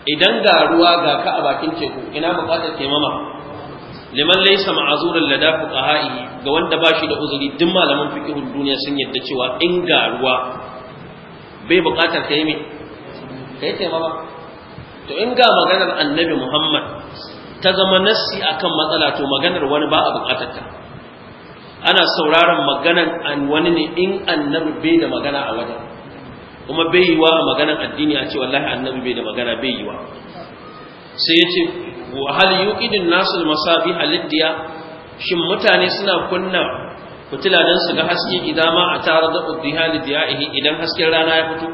idan ga ruwa ga ka a bakin teku ina buƙatar taimama liman laysa ma'zuran lada fuqaha'i ga wanda ba shi da uzuri duk malaman fiqhun duniya sun yadda cewa in ga ruwa bai buƙatar kai me kai taimama to in ga maganar annabi Muhammad ta zama nassi akan matsala to maganar wani ba a buƙatar ta. ana sauraron maganan an wani ne in annabi bai da magana a wajen kuma bai yi wa maganan addini a ce wallahi annabi bai da magana bai yi wa. sai ya ce wa hal yuqidun nasu masabi aliddiya shin mutane suna kunna fitila don su ga haske idan ma a tare da uddihali diyahi idan hasken rana ya fito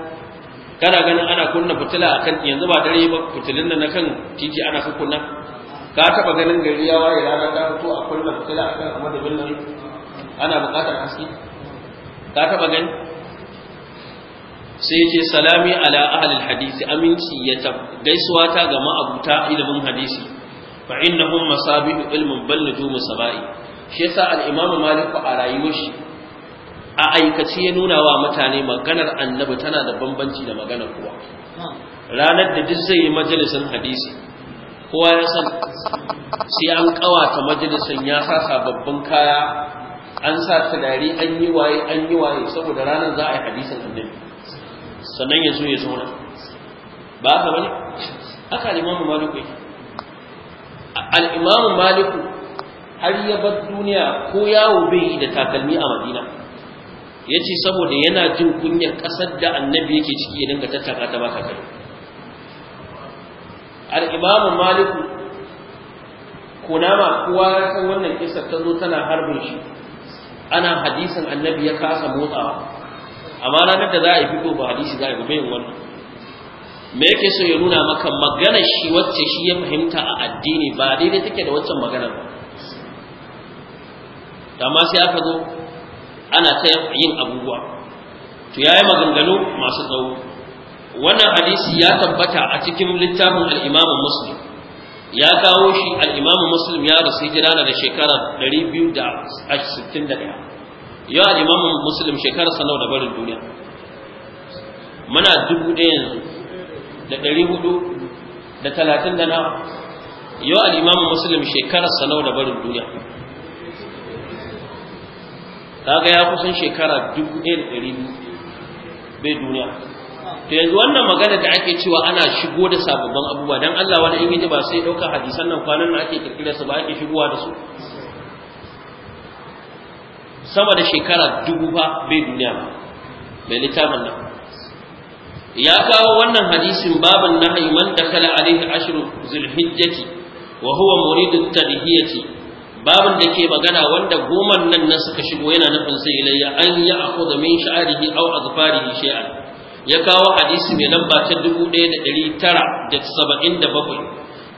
kana ganin ana kunna fitila akan yanzu ba dare ba fitilin nan kan titi ana kunna ka taba ganin gari ya waye rana ta fito a kunna fitila akan da nan ana buƙatar haske ka taɓa gani sai ce salami ala ahlil hadisi aminci ya tab gaisuwa ta ga ma'abuta ilimin hadisi fa innahum masabihu ilmin bal nujumu saba'i shi yasa al-imamu malik a rayuwar shi a aikace ya nuna wa mutane maganar annabi tana da bambanci da maganar kowa ranar da duk zai yi majalisin hadisi kowa ya san sai an kawata majalisin ya sa sababbin kaya an sa tunari an yi waye an yi waye saboda ranar za a yi hadisin annabi sannan ya zo ya zauna ba haka bane haka limamu imamu maliku yake al-imamu maliku har ya bar duniya ko yawo bai yi da takalmi a madina ya ce saboda yana jin kunyar ƙasar da annabi yake ciki ya dinga tattaka ta baka kai al-imamu maliku kunama kowa ya san wannan kisar ta zo tana harbin shi ana hadisin annabi ya kasa motsawa amma ranar da za a yi fito ba hadisi za a yi bai wannan me yake so ya nuna maka magana shi wacce shi ya fahimta a addini ba daidai take da waccan magana ba amma sai aka zo ana ta yin abubuwa to yayi maganganu masu tsawo wannan hadisi ya tabbata a cikin littafin al-Imam Muslim ya kawo shi al-imamu muslim ya rasu hijira da shekara 261 yau al-imamu muslim shekara sanau da barin duniya muna dubu ɗaya yanzu da ɗari hudu da talatin da na yau al-imamu muslim shekara sanau da barin duniya kaga ya kusan shekara dubu ɗaya da ɗari bai duniya to yanzu wannan magana da ake cewa ana shigo da sababbin abubuwa dan Allah wani in yaji ba sai dauka hadisan nan kwanan nan ake kirkira su ba ake shigowa da su sama da shekara dubu ba bai duniya ba bai littafin nan ya kawo wannan hadisin babin nahi man dakala alaihi ashru zulhijjati wa huwa muridu tadhiyati babin da ke magana wanda goman nan na suka shigo yana nufin sai ilayya an ya akhudha min sha'rihi aw azfarihi shay'an ya kawo hadisi mai lamba ta 1977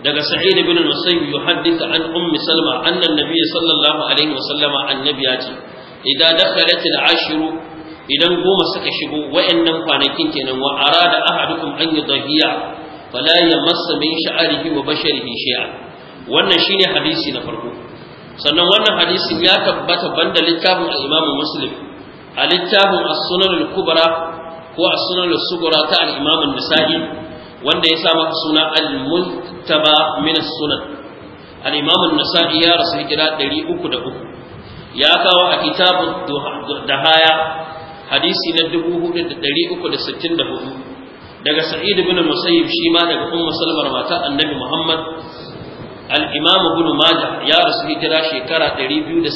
daga sa'id ibn musayyib yuhaddithu an ummi salma anna an-nabiy sallallahu alaihi wasallama annabi ya ce idan dakhalat al-ashru idan goma suka shigo wa'annan kwanakin kenan wa arada ahadukum an yudahiya fala yamassa min sha'rihi wa basharihi shay'a wannan shine hadisi na farko sannan wannan hadisin ya tabbata banda littafin al-imam muslim a littafin as-sunan al-kubra ko a sunan sugura ta al-imam an wanda ya sa maka suna al-muntaba min sunan al-imam an ya rasu hijira 303 ya kawo a kitabu dahaya hadisi na 4364 daga sa'id ibn musayyib shi ma daga ummu salmar mata annabi muhammad al-imam ibn ya rasu hijira shekara 273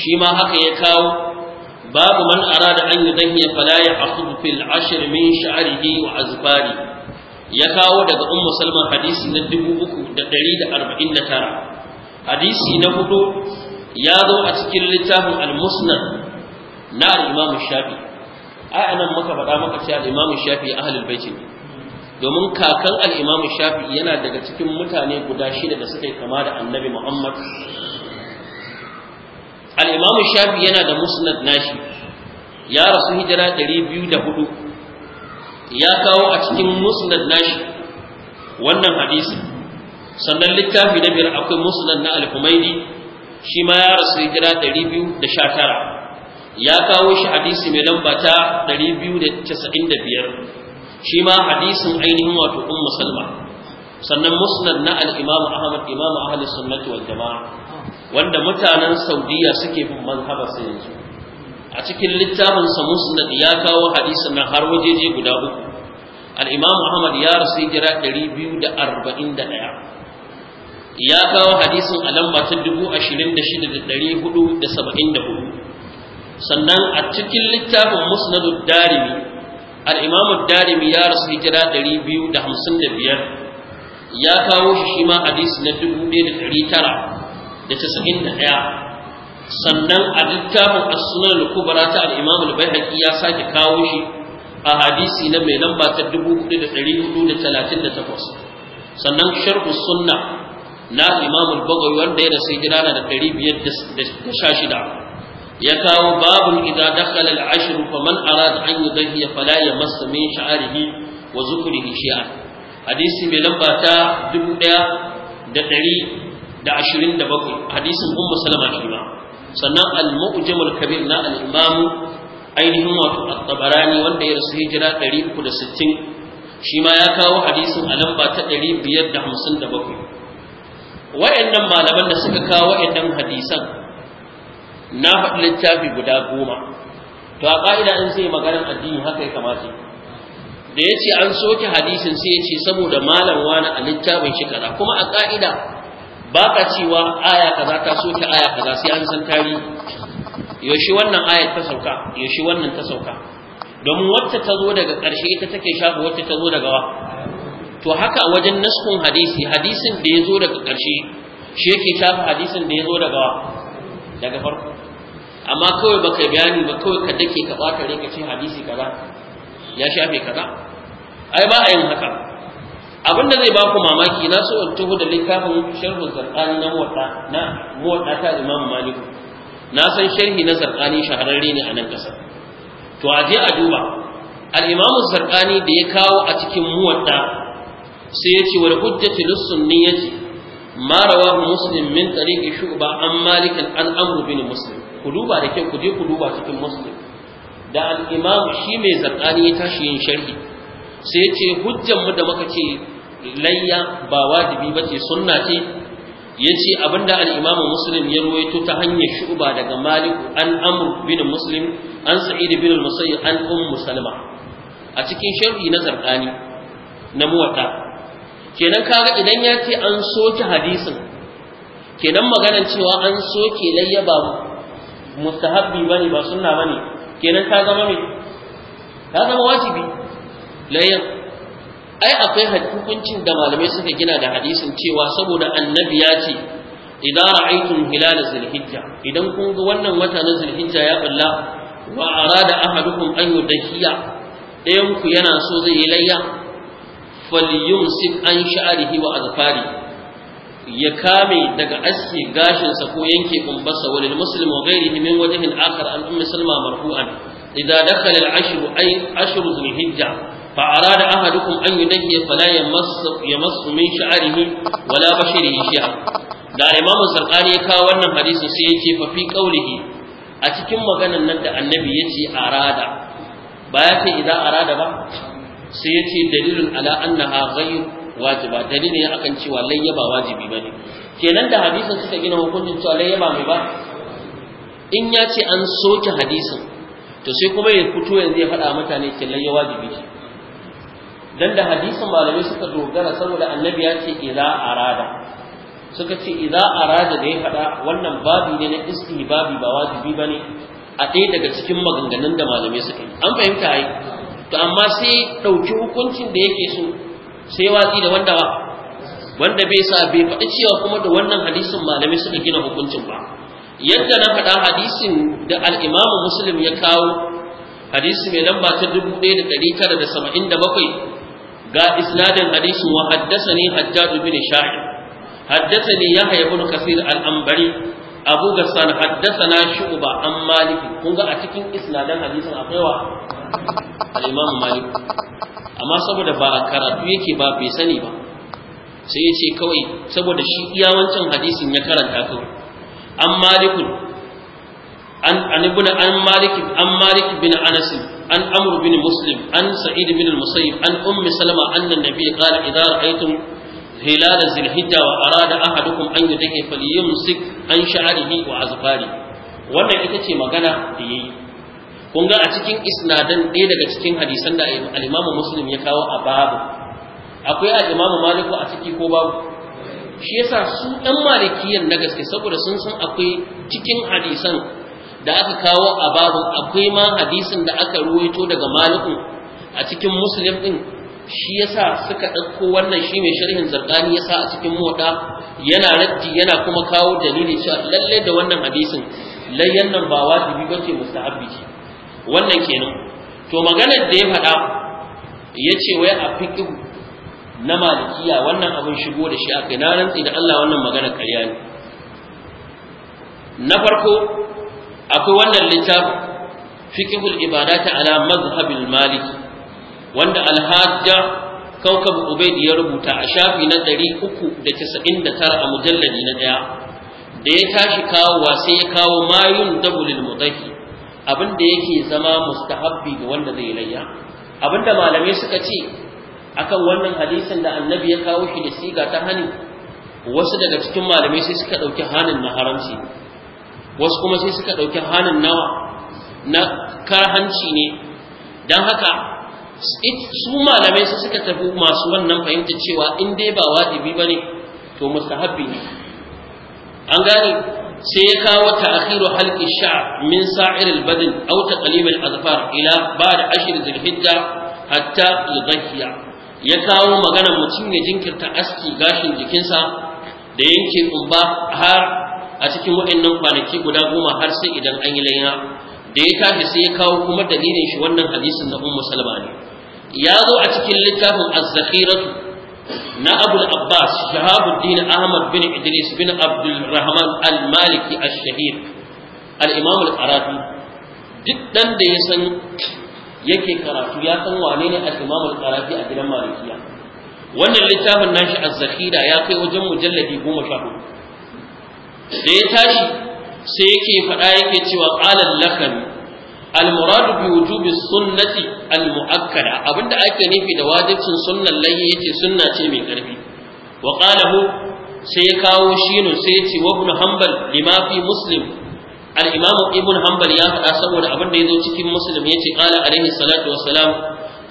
shi ma haka ya kawo babu man arada an yudahiya fala ya asubu fil ashr min sha'rihi wa azfari ya kawo daga ummu salman hadisi na 3149 hadisi na hudu ya zo a cikin littafin al-musnad na al-imam shafi ai muka faɗa maka cewa al shafi ahlul bait ne domin kakan al'imamin shafi yana daga cikin mutane guda shida da suka yi kama da annabi muhammad al'imamu shafi yana da musnad nashi ya rasu hijira 204 ya kawo a cikin musnad nashi wannan hadisi sannan littafi na biyar akwai musnad na alhumaini shi ma ya rasu hijira 219 ya kawo shi hadisi mai lamba ta 295 shi ma hadisin ainihin wato ummu salma sannan musnad na al-imam ahmad imam ahli sunnati wal jama'a wanda mutanen saudiya suke bin manhabar sai yanzu a cikin littafin sa musnad ya kawo hadisin na har wajeje guda uku al-imam ya rasu jira 241 ya kawo hadisin a lamba ta 26474 sannan a cikin littafin musnadud darimi al-imamu darimi ya rasu jira 255 ya kawo shi shi ma hadisi na tara. da casa'in da ɗaya sannan a littafin as lukubara ta al-imam al-baihaqi ya sake kawo shi a hadisi na mai lamba ta 4438 sannan sharhu sunna na imam al-bagawi wanda ya rasu hijira da 516 ya kawo babun idza dakhala al-ashr faman arada an yudhiya fala yamassa min sha'rihi wa zukrihi shay'an hadisi mai lamba ta 1000 da ɗari da ashirin da bakwai hadisin ummu salama shi ma sannan al-mu'jam al-kabir na al-imam ainihin wato at-tabarani wanda ya rasu hijira 360 shi ma ya kawo hadisin a lamba ta 557 wayannan malaman da suka kawo wayannan hadisan na faɗi littafi guda goma to a ƙa'ida in sai maganar addini haka ya kamata da ya ce an soke hadisin sai ya ce saboda malam wani a littafin shi kaza kuma a ƙa'ida ba ka cewa aya kaza ta ta aya kaza sai an san tari. yaushe wannan ayat ta sauka yaushe wannan ta sauka domin wacce ta zo daga ƙarshe ita take shafa wacce ta zo daga wa to haka a wajen naskun hadisi hadisin da ya zo daga ƙarshe shi yake shafa hadisin da ya zo daga wa daga farko amma kawai baka bayani ba kawai ka dake ka bata rai ka ce hadisi kaza ya shafe kaza ai ba a yin haka abinda zai ba ku mamaki na so in tuhu da littafin sharhun zarqani na wata na wata ta imamu maliku na san sharhi na zarqani shahararre ne a nan kasar to a je a duba al-imamu zarqani da ya kawo a cikin muwadda sai ya ce wal hujjatu lis-sunniyati ma rawahu muslim min tariqi shu'ba an malik an amru bin muslim ku duba da kyau ku je ku duba cikin muslim da al imamu shi mai zarqani ya tashi yin sharhi sai ce hujjan mu da muka ce layya ba wajibi ba ce sunna ce ya ce abinda al'imamu muslim ya ruwaito ta hanyar shuba daga maliku an amur bin muslim an sa'id bin musayi an ummu salma a cikin sharhi na zarqani na muwatta kenan kaga idan ya ce an soke hadisin kenan maganar cewa an soke layya ba mustahabbi bane ba sunna bane kenan ta zama me ta zama wajibi layan ai akwai hukuncin da malamai suka gina da hadisin cewa saboda annabi ya ce idan ra'aytum hilal zulhijja idan kun ga wannan wata na zulhijja ya balla wa arada ahadukum an yudahiya ɗayan ku yana so zai yi layya falyumsik an sha'arihi wa azfari ya kame daga aski gashinsa ko yanke kumbasa, wani muslim wa ghairihi min wajhin akhar an ummi salma marfu'an idza dakhala al-ashru ay ashru فأراد arada أن an فلا fala yamassu من min ولا wala شيئا shay'a da imamu zarqani ya kawo wannan hadisi sai ya ce fa fi a cikin maganan nan da annabi ya ce arada ba ya ce idan arada ba sai ya ce dalilun ala annaha ghayr wajiba dalilin ya akan cewa ba wajibi bane kenan da hadisin suka gina hukuncin cewa ba mai ba in ya ce an soke hadisin to sai kuma ya fito yanzu ya faɗa mutane ke layyaba wajibi ne dan da hadisin malamai suka dogara saboda annabi ya ce idza arada suka ce idza arada da ya faɗa wannan babi ne na istihbabi ba wajibi bane a ɗaya daga cikin maganganun da malamai suka yi an fahimta ai to amma sai ɗauki hukuncin da yake so sai watsi da wanda wanda bai sa bai faɗi cewa kuma da wannan hadisin malamai suka gina hukuncin ba yadda na faɗa hadisin da al'imamu muslim ya kawo hadisi mai lamba ta dubu ɗaya da ɗari tara da saba'in da bakwai ga isnadin hadisin wa haddathani hajjaj bin sha'ib haddathani yahya ibn kasir al-anbari abu gassan haddathana shu'ba an malik kun ga a cikin isnadin hadisin akwai wa al-imam malik amma saboda ba karatu yake ba bai sani ba sai ya ce kawai saboda shi iya wancan hadisin ya karanta kawai an malikun an ibn an malik an malik bin anas an amr bin muslim an sa'id bin musayyib an ummi Salma, salama anna nabi qala idza ra'aytum hilal zilhijja wa ara da arada ahadukum an yudhi falyumsik an sha'rihi wa azfari wannan ita ce magana da yayi kun ga a cikin isnadan ɗaya daga cikin hadisan da al-imam muslim ya kawo a babu akwai al-imam maliku a ciki ko babu shi yasa su ɗan malikiyan na gaske saboda sun san akwai cikin hadisan da aka kawo a babu akwai ma hadisin da aka ruwaito daga malikun a cikin musulun din shi sa suka ɗauko wannan shi mai sharhin ya sa a cikin moda yana raddi yana kuma kawo dalilin cewa lallai da wannan hadisin layyan nan ba wajibi bace mustahabbi ce wannan kenan to maganar da ya faɗa ce wai a fiqh na malikiya wannan abin shigo da shi kai na rantsi da Allah wannan magana karya ne na farko akwai wannan littafin fiqhul ibadat ala mazhabil maliki wanda alhajja kaukab ubaid ya rubuta a shafi na 399 a mujalladi na daya da ya tashi kawowa sai ya kawo mayun dabulil mudaki abin yake zama mustahabbi ga wanda zai abinda malamai suka ce akan wannan hadisin da annabi ya kawo shi da siga ta hani wasu daga cikin malamai sai suka dauki hanin na haramci wasu kuma sai suka ɗauki hannun nawa na karhanci ne don haka su malamai sai suka tafi masu wannan fahimta cewa in dai ba wajibi ba ne to mustahabbi ne an gane sai ya kawo ta'khiru halki sha'r min sa'ir al Auta aw taqlim al-azfar ila ba'da ashr dhulhijja hatta yudhiya ya kawo magana mutum ya jinkirta aski gashin jikinsa da yanke umba har a cikin waɗannan kwanaki guda goma har sai idan an yi layya da ya tafi sai ya kawo kuma dalilin shi wannan hadisin na ummu salma ne ya zo a cikin littafin az na abul abbas shahabuddin ahmad bin idris bin abdul rahman al-maliki ash-shahir al-imam al-qarafi duk dan da ya san yake karatu ya san wane ne al-imam al-qarafi a gidan malikiya wannan littafin nashi az-zakhira ya kai wajen mujalladi 14 da ya tashi sai yake faɗa yake cewa qalan lakan al bi wujubi sunnati almu'akkada abinda ake nufi da wajibcin sunnan lahi yace sunna ce mai karfi wa qalahu sai ya kawo shinu sai ya ce wa ibn hanbal lima fi muslim al-imam ibn hanbal ya faɗa saboda abinda zo cikin muslim yace qala alaihi salatu wassalam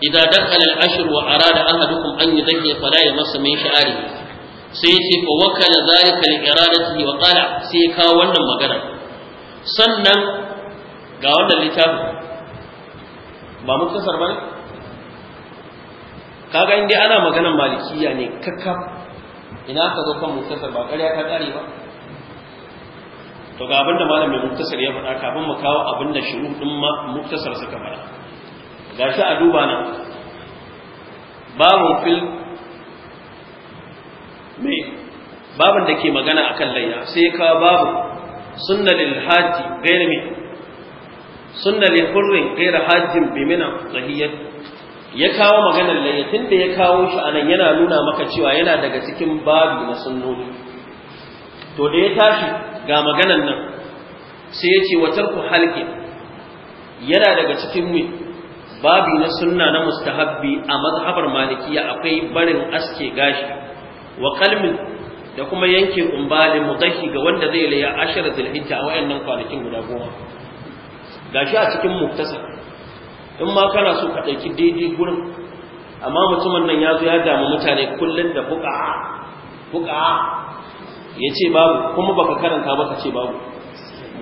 idza dakhala al-ashr wa arada ahadukum an yudhakki fala yamassa min sha'ari. sai ya ce fa wakala zalika li iradatihi wa qala sai ya kawo wannan magana sannan ga wannan littafin ba mu kasar Ka kaga inda ana maganar malikiya ne kakka ina ka zo kan muktasar ba ƙarya ka ƙare ba to ga abinda malam mai muktasar ya faɗa kafin mu kawo abinda shiru din muktasar suka faɗa gashi a duba nan babu fil me babin da ke magana akan layya sai ka babu sunna lil haji gaira me sunna lil hurrin gaira hajjin bi mina zahiyyat ya kawo maganar layya tunda ya kawo shi a nan yana nuna maka cewa yana daga cikin babu na sunnoni to da ya tashi ga maganar nan sai ya ce watar ku halke yana daga cikin mu babi na sunna na mustahabbi a mazhabar malikiya akwai barin aske gashi wa kalmin da kuma yanke umbali mudahi ga wanda zai laya ashirar zulhijja a wayannan kwanakin guda goma Ga shi a cikin muktasar in ma kana so ka dauki daidai gurin amma mutumin nan ya zo ya damu mutane kullun da buka buka yace babu kuma baka karanta ba ka ce babu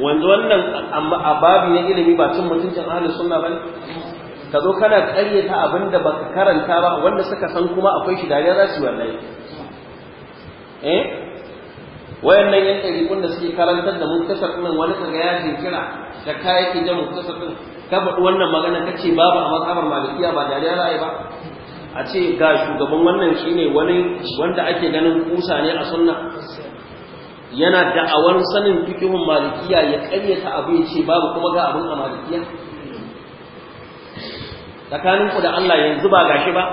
wanda wannan amma a babu na ilimi ba cin mutuncin ahlus sunna bane ka zo kana ƙaryata abinda baka karanta ba wanda suka san kuma akwai shi dariya za su wallahi Eh? Wayan nan yan kun da suke karantar da muktasar ɗin wani kaga ya jinkira da kaya jan muktasar ɗin ka faɗi wannan magana ka ce babu a matsabar malikiya ba dariya za ba a ce ga shugaban wannan shine wani wanda ake ganin kusa ne a sunna yana da'awar sanin fikihun malikiya ya ƙaryata abu ya ce babu kuma ga abin a malikiya tsakaninku da Allah yanzu ba gashi ba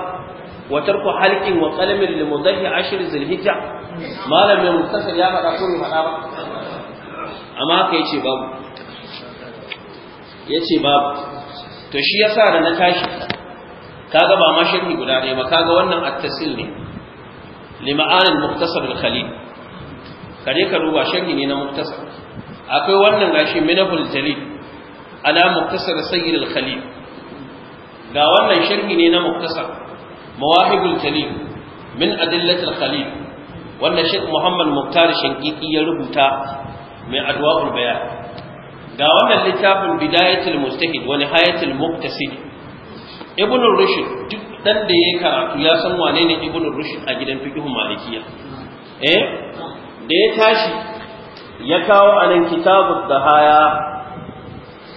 wa tarku halqin wa qalamin li mudahi ashr zilhijja mai mutasar ya faɗa ko bai faɗa ba amma haka yace babu yace babu to shi yasa da na tashi kaga ba ma sharhi guda ne ba kaga wannan at-tasil ne li ma'anin muktasar al-khalil kare ka duba sharhi ne na muktasar akwai wannan gashi minahul jalil ala muktasar sayyid al-khalil ga wannan sharhi ne na muktasar mawahibul jalil min adillatil khalil wanda Sheikh Muhammad Muktar shinkiki ya rubuta mai adwa'ul bayan ga wannan littafin bidayatul mustahid wani nihayatul muqtasid ibnu rushd duk dan da yayi karatu ya san wane ne ibn rushd a gidan fiqh malikiya eh da ya tashi ya kawo anan kitabud dahaya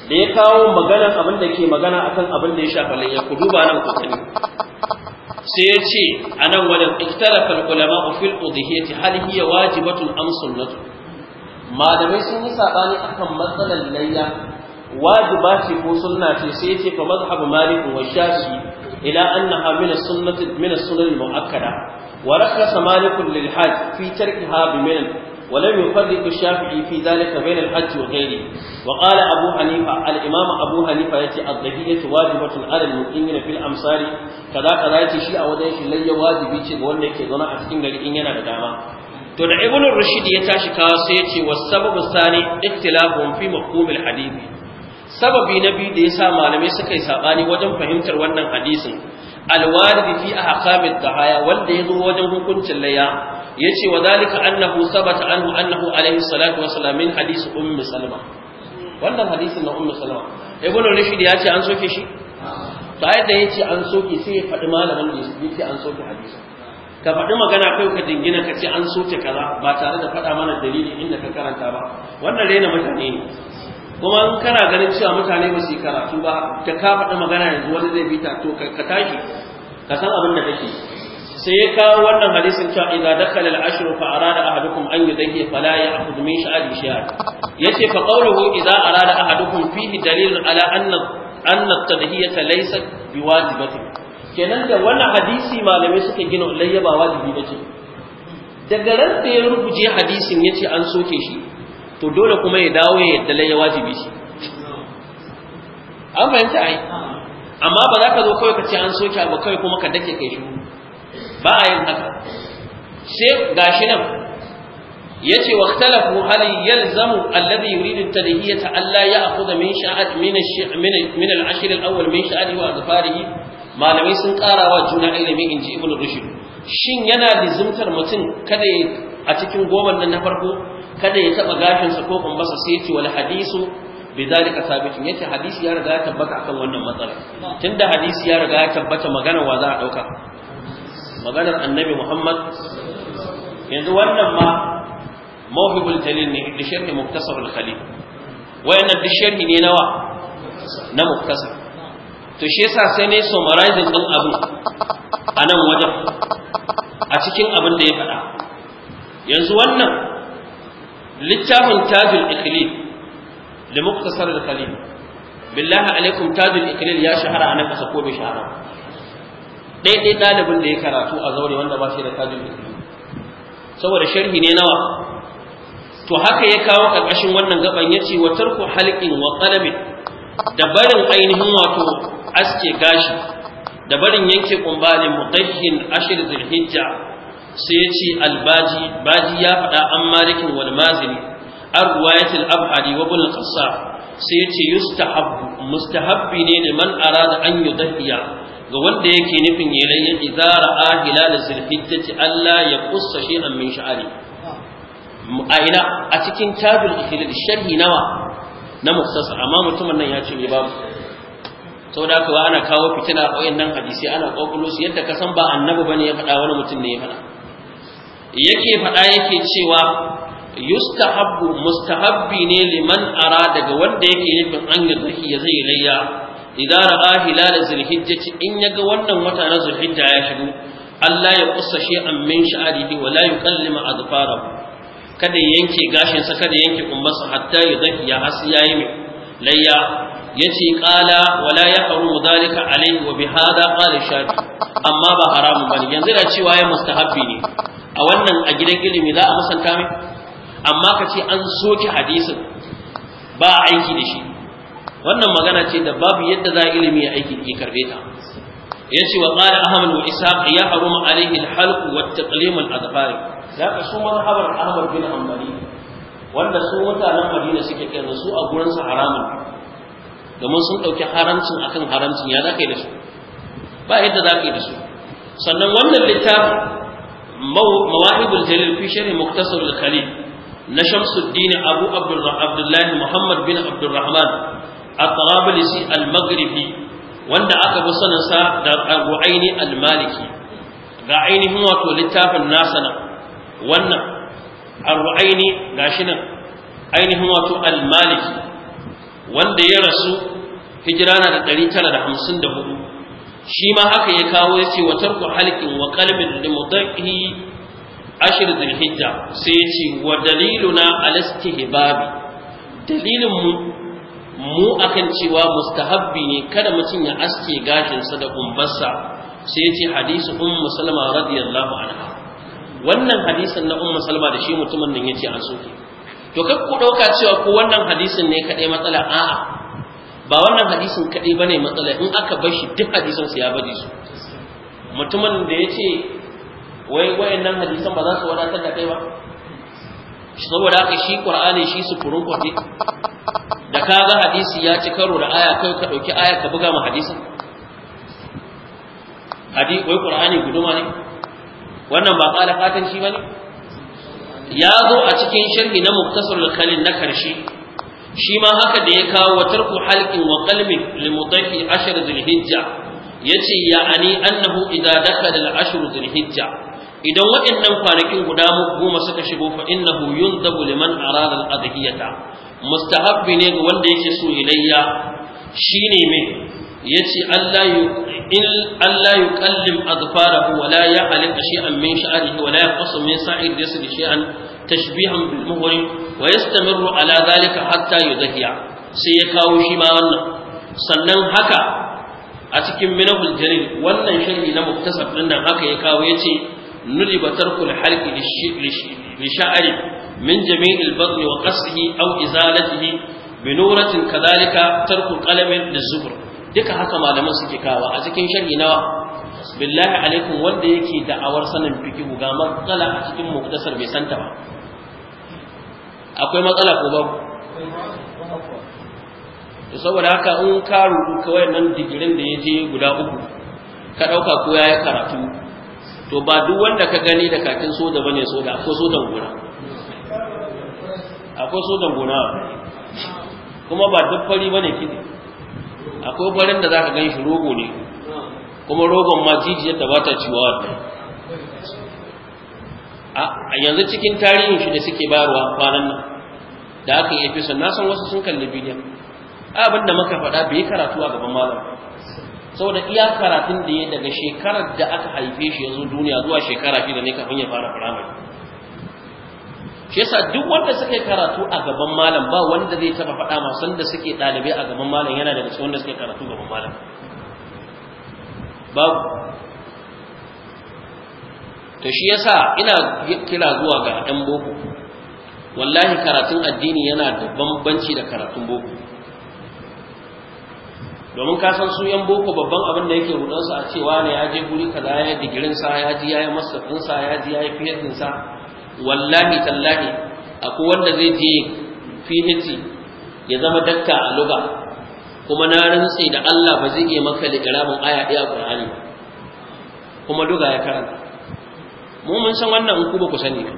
da ya kawo magana abin da ke magana akan abin da ya shafa layya ku duba nan ku sai ya ce a nan wajen ikhtalafa ulama fil har hal hiya wajibatun am sunnatu malamai sun yi sabani akan matsalar layya wajiba ce ko sunna ce sai ya ce fa mazhab malik wa shafi ila annaha min as-sunnati min as-sunan al-mu'akkada wa rakasa malik lil hajj fi tarkiha bi min ولم يفرق الشافعي في ذلك بين الحج وغيره وقال أبو حنيفة الإمام أبو حنيفة يأتي الضحية واجبة على المقيمين في الأمصار كذا كذا يأتي شيء أو ذلك لن يواجب يأتي بأن يكذون أتكين لإن ينا بداما تدع ابن الرشيد يتاشي كاسيتي والسبب الثاني اختلافهم في مفهوم الحديث sababi na biyu da yasa malamai suka yi sabani wajen fahimtar wannan hadisin alwaridi fi ahkamid dahaya wanda yazo wajen hukuncin laya yace wa zalika annahu sabata anhu annahu alaihi salatu wa salam min hadisi ummi salma wannan hadisin na ummi salma ibnu rashid ya ce an soke shi to ayat da yace an soke sai ya faɗi malamin da yake an soke hadisi ka faɗi magana kai ka dingina ka ce an soke kaza ba tare da faɗa mana dalili inda ka karanta ba wannan rena mutane ne kuma in kana ganin cewa mutane ba su yi karatu ba da ka faɗi magana yanzu wani zai bi ta to ka tashi ka san abin da kake sai ya kawo wannan hadisin cewa idza dakhala al-ashru fa arada ahadukum an yudhi fala ya'khudh min sha'ri shay'a yace fa qawluhu idza arada ahadukum fihi dalil ala anna anna at-tadhiyata laysat biwajibatin kenan da wannan hadisi malamai suka gina ulayya ba wajibi bace daga ran da ya rubuce hadisin yace an soke shi to dole kuma ya dawo ya yadda layya wajibi shi an fahimta ai amma ba za ka zo kawai ka ce an soke abu kawai kuma ka dake kai shi ba a yin haka sai gashi nan yace wa ikhtalafu hal yalzamu alladhi yuridu tadhiyata alla ya'khudha min sha'at min min al-ashr al-awwal min sha'ati wa adfarihi malamai sun karawa juna ilimi inji ibnu rushd shin yana lizumtar mutum kada a cikin goma nan na farko kada ya taba gashin sa ko kun masa sai ce wal hadisu bidalika sabitin yace hadisi ya riga ya tabbata akan wannan matsala tunda hadisi ya riga ya tabbata magana wa za a dauka maganar annabi Muhammad yanzu wannan ma mawhibul jalil ne da sharhi muktasar al-khalil wayannan duk sharhi ne nawa na muktasar to shi yasa sai ne summarizing din abu a nan wajen a cikin abin da ya faɗa yanzu wannan littafin tajul ikhlil da muktasar al-khalil billahi alaikum tajul ikhlil ya shahara a nan kasa ko bai shahara Daidai ɗalibin da ya karatu a zaure wanda ba shi da tajin ilimi saboda sharhi ne nawa to haka ya kawo ƙarƙashin wannan gaban ya ce wa tarku halƙin wa ƙalabin? da barin ainihin wato aske gashi da barin yanke kumbalin mudahhin ashir zulhijja sai ya ce albaji baji ya faɗa an malikin wani mazini an ruwayatul abhari wa bulan qassar sai ya ce yustahabbu mustahabbi ne da man arada an yudahiya ga wanda yake nufin yelan ya izara a hilal zulhijjati Allah ya kusa shi an min sha'ari a ina a cikin tabul ihlal sharhi nawa na muktasar amma mutumin nan ya ce ne babu da haka ana kawo fitina a wayannan hadisi ana kokulo su yadda ka san ba annabi bane ya faɗa wani mutum ne ya faɗa yake faɗa yake cewa yustahabbu mustahabbi ne liman ara daga wanda yake nufin an yi ya zai layya idan ra'a hilal zulhijjati in yaga wannan wata na zulhijja ya shigo Allah ya kussa shay'an min sha'arihi wa la yuqallima adfarahu kada yanke gashin sa kada yanke kumbarsa hatta ya zaki ya hasi yayi mai layya yace qala wa la yahrumu dhalika alayhi wa bihadha qala shafi amma ba haramu bane yanzu da cewa ya mustahabbi ne a wannan a gidan ilimi za a musanta mai amma ka ce an soke hadisin ba aiki da shi wannan magana ce da babu yadda za a ilimi ya aiki ya karbe ta yace wa qala ahmad wa ishaq ya haruma alayhi al-halq wa taqlim al-adfar Za ka su mazhabar ahmad bin hanbali wanda su mutanen madina suke kai su a gurinsa su haramun domin sun ɗauki haramcin akan haramcin ya zakai da su ba yadda za ka zakai da su sannan wannan littafin mawahibul jalil fi sharh muktasar da khalil na shamsuddin abu Abdullahi muhammad bin Abdulrahman. A tarablisi al-Maghribi wanda aka fi sanin da Abu Aini al-Maliki ga ainihin wato littafin nasa na, wannan ar-Ru'aini gashi nan ainihin wato al-Maliki wanda ya rasu hijira na da 954 shi ma haka ya kawo ya ce wa tarku halqin wa qalbin limudhihi ashir dhulhijja sai ya ce wa daliluna al-istihbabi dalilin mu mu akan cewa mustahabbi ne kada mutum ya aske gashinsa da kumbarsa sai ya ce hadisi ummu salama radiyallahu anha wannan hadisin na ummu salama da shi mutumin nan yace an soke to kai ku dauka cewa ko wannan hadisin ne kadai matsala a'a ba wannan hadisin kadai bane matsala in aka bar shi duk hadisin su ya bari su mutumin da yace wai wayannan hadisan ba za su wadatar da kai ba saboda haka shi qur'ani shi su furuko da ka ga hadisi ya ci karo da aya kai ka ɗauki aya ka buga ma hadisin hadi wai qur'ani guduma ne wannan ba ƙala fatan shi bane ya zo a cikin sharhi na muktasar kalin na karshe shi ma haka da ya kawo wa tarku halqin wa qalmin li mudaki ashar zulhijja yace ya'ani annahu idza dakala al-ashr hijja. idan waɗannan kwanakin guda goma suka shigo fa innahu yunzabu liman arada al-adhiyata mustahabbi ne ga wanda yake so ilayya shine me ce, Allah yu in Allah yuqallim adfarahu wa la ya'liq shay'an min sha'rihi wa la yaqsam min sa'id yasd shay'an tashbihan bil muhrim wa yastamirru ala dhalika hatta yudhiya sai ya kawo shi ma wannan sannan haka a cikin minahul jalil wannan sharhi na muktasab din nan haka ya kawo ya ce, yace nuliba tarkul halqi بشعر من جميع البطن وقصه أو إزالته بنورة كذلك ترك da للزبر duka haka malaman suke kawa a cikin sharhi na billahi alaikum wanda yake da'awar sanin fikihu ga matsala a cikin muktasar bai santa ba akwai matsala ko babu to saboda haka in ka rubu ka wayannan digirin da ya je guda uku ka ɗauka ko yi karatu to ba duk wanda ka gani da kakin soja bane soja akwai sojan gona akwai sojan gona kuma ba duk fari bane kidi akwai farin da zaka gani shi rogo ne kuma rogon ma jijiyar da bata ciwa wannan a yanzu cikin tarihin shi da suke bayarwa kwanan nan da aka yi episode na san wasu sun kalli bidiyon abinda maka muka faɗa bai karatu a gaban malam saboda iya karatun da ya daga shekarar da aka haife shi yanzu duniya zuwa shekara shida ne kafin ya fara firamare shi yasa duk wanda suke karatu a gaban malam ba wanda zai taba faɗa ma sanda suke ɗalibai a gaban malam yana daga cikin wanda suke karatu gaban malam babu to shi yasa ina kira zuwa ga 'yan boko wallahi karatun addini yana da bambanci da karatun boko domin ka san su yan boko babban abin da yake rudan su a cewa ne ya je guri kaza ya digirin sa ya ji ya yi din sa ya ji yi fiyatin sa wallahi tallahi akwai wanda zai je fiyati ya zama dakka a luga kuma na rantsi da Allah ba zai iya maka liƙiramin aya ɗaya a Qur'ani kuma luga ya karanta mu mun san wannan ku ba ku sani ba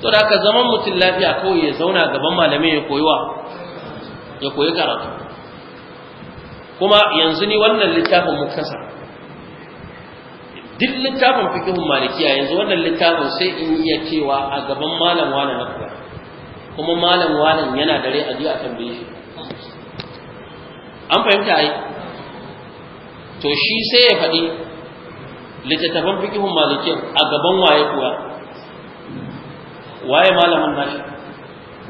to da haka zaman mutum lafiya kawai ya zauna gaban malamin ya koyi ya koyi karatu kuma yanzu ni wannan littafin kasa, duk littafin fikihun malikiya yanzu wannan littafin sai in iya cewa a gaban malam wani na kuwa kuma malam wani yana da rai a ji a tambaye shi an fahimta ai to shi sai ya faɗi littattafan fikihun malikiya a gaban waye kuwa waye malamin nashi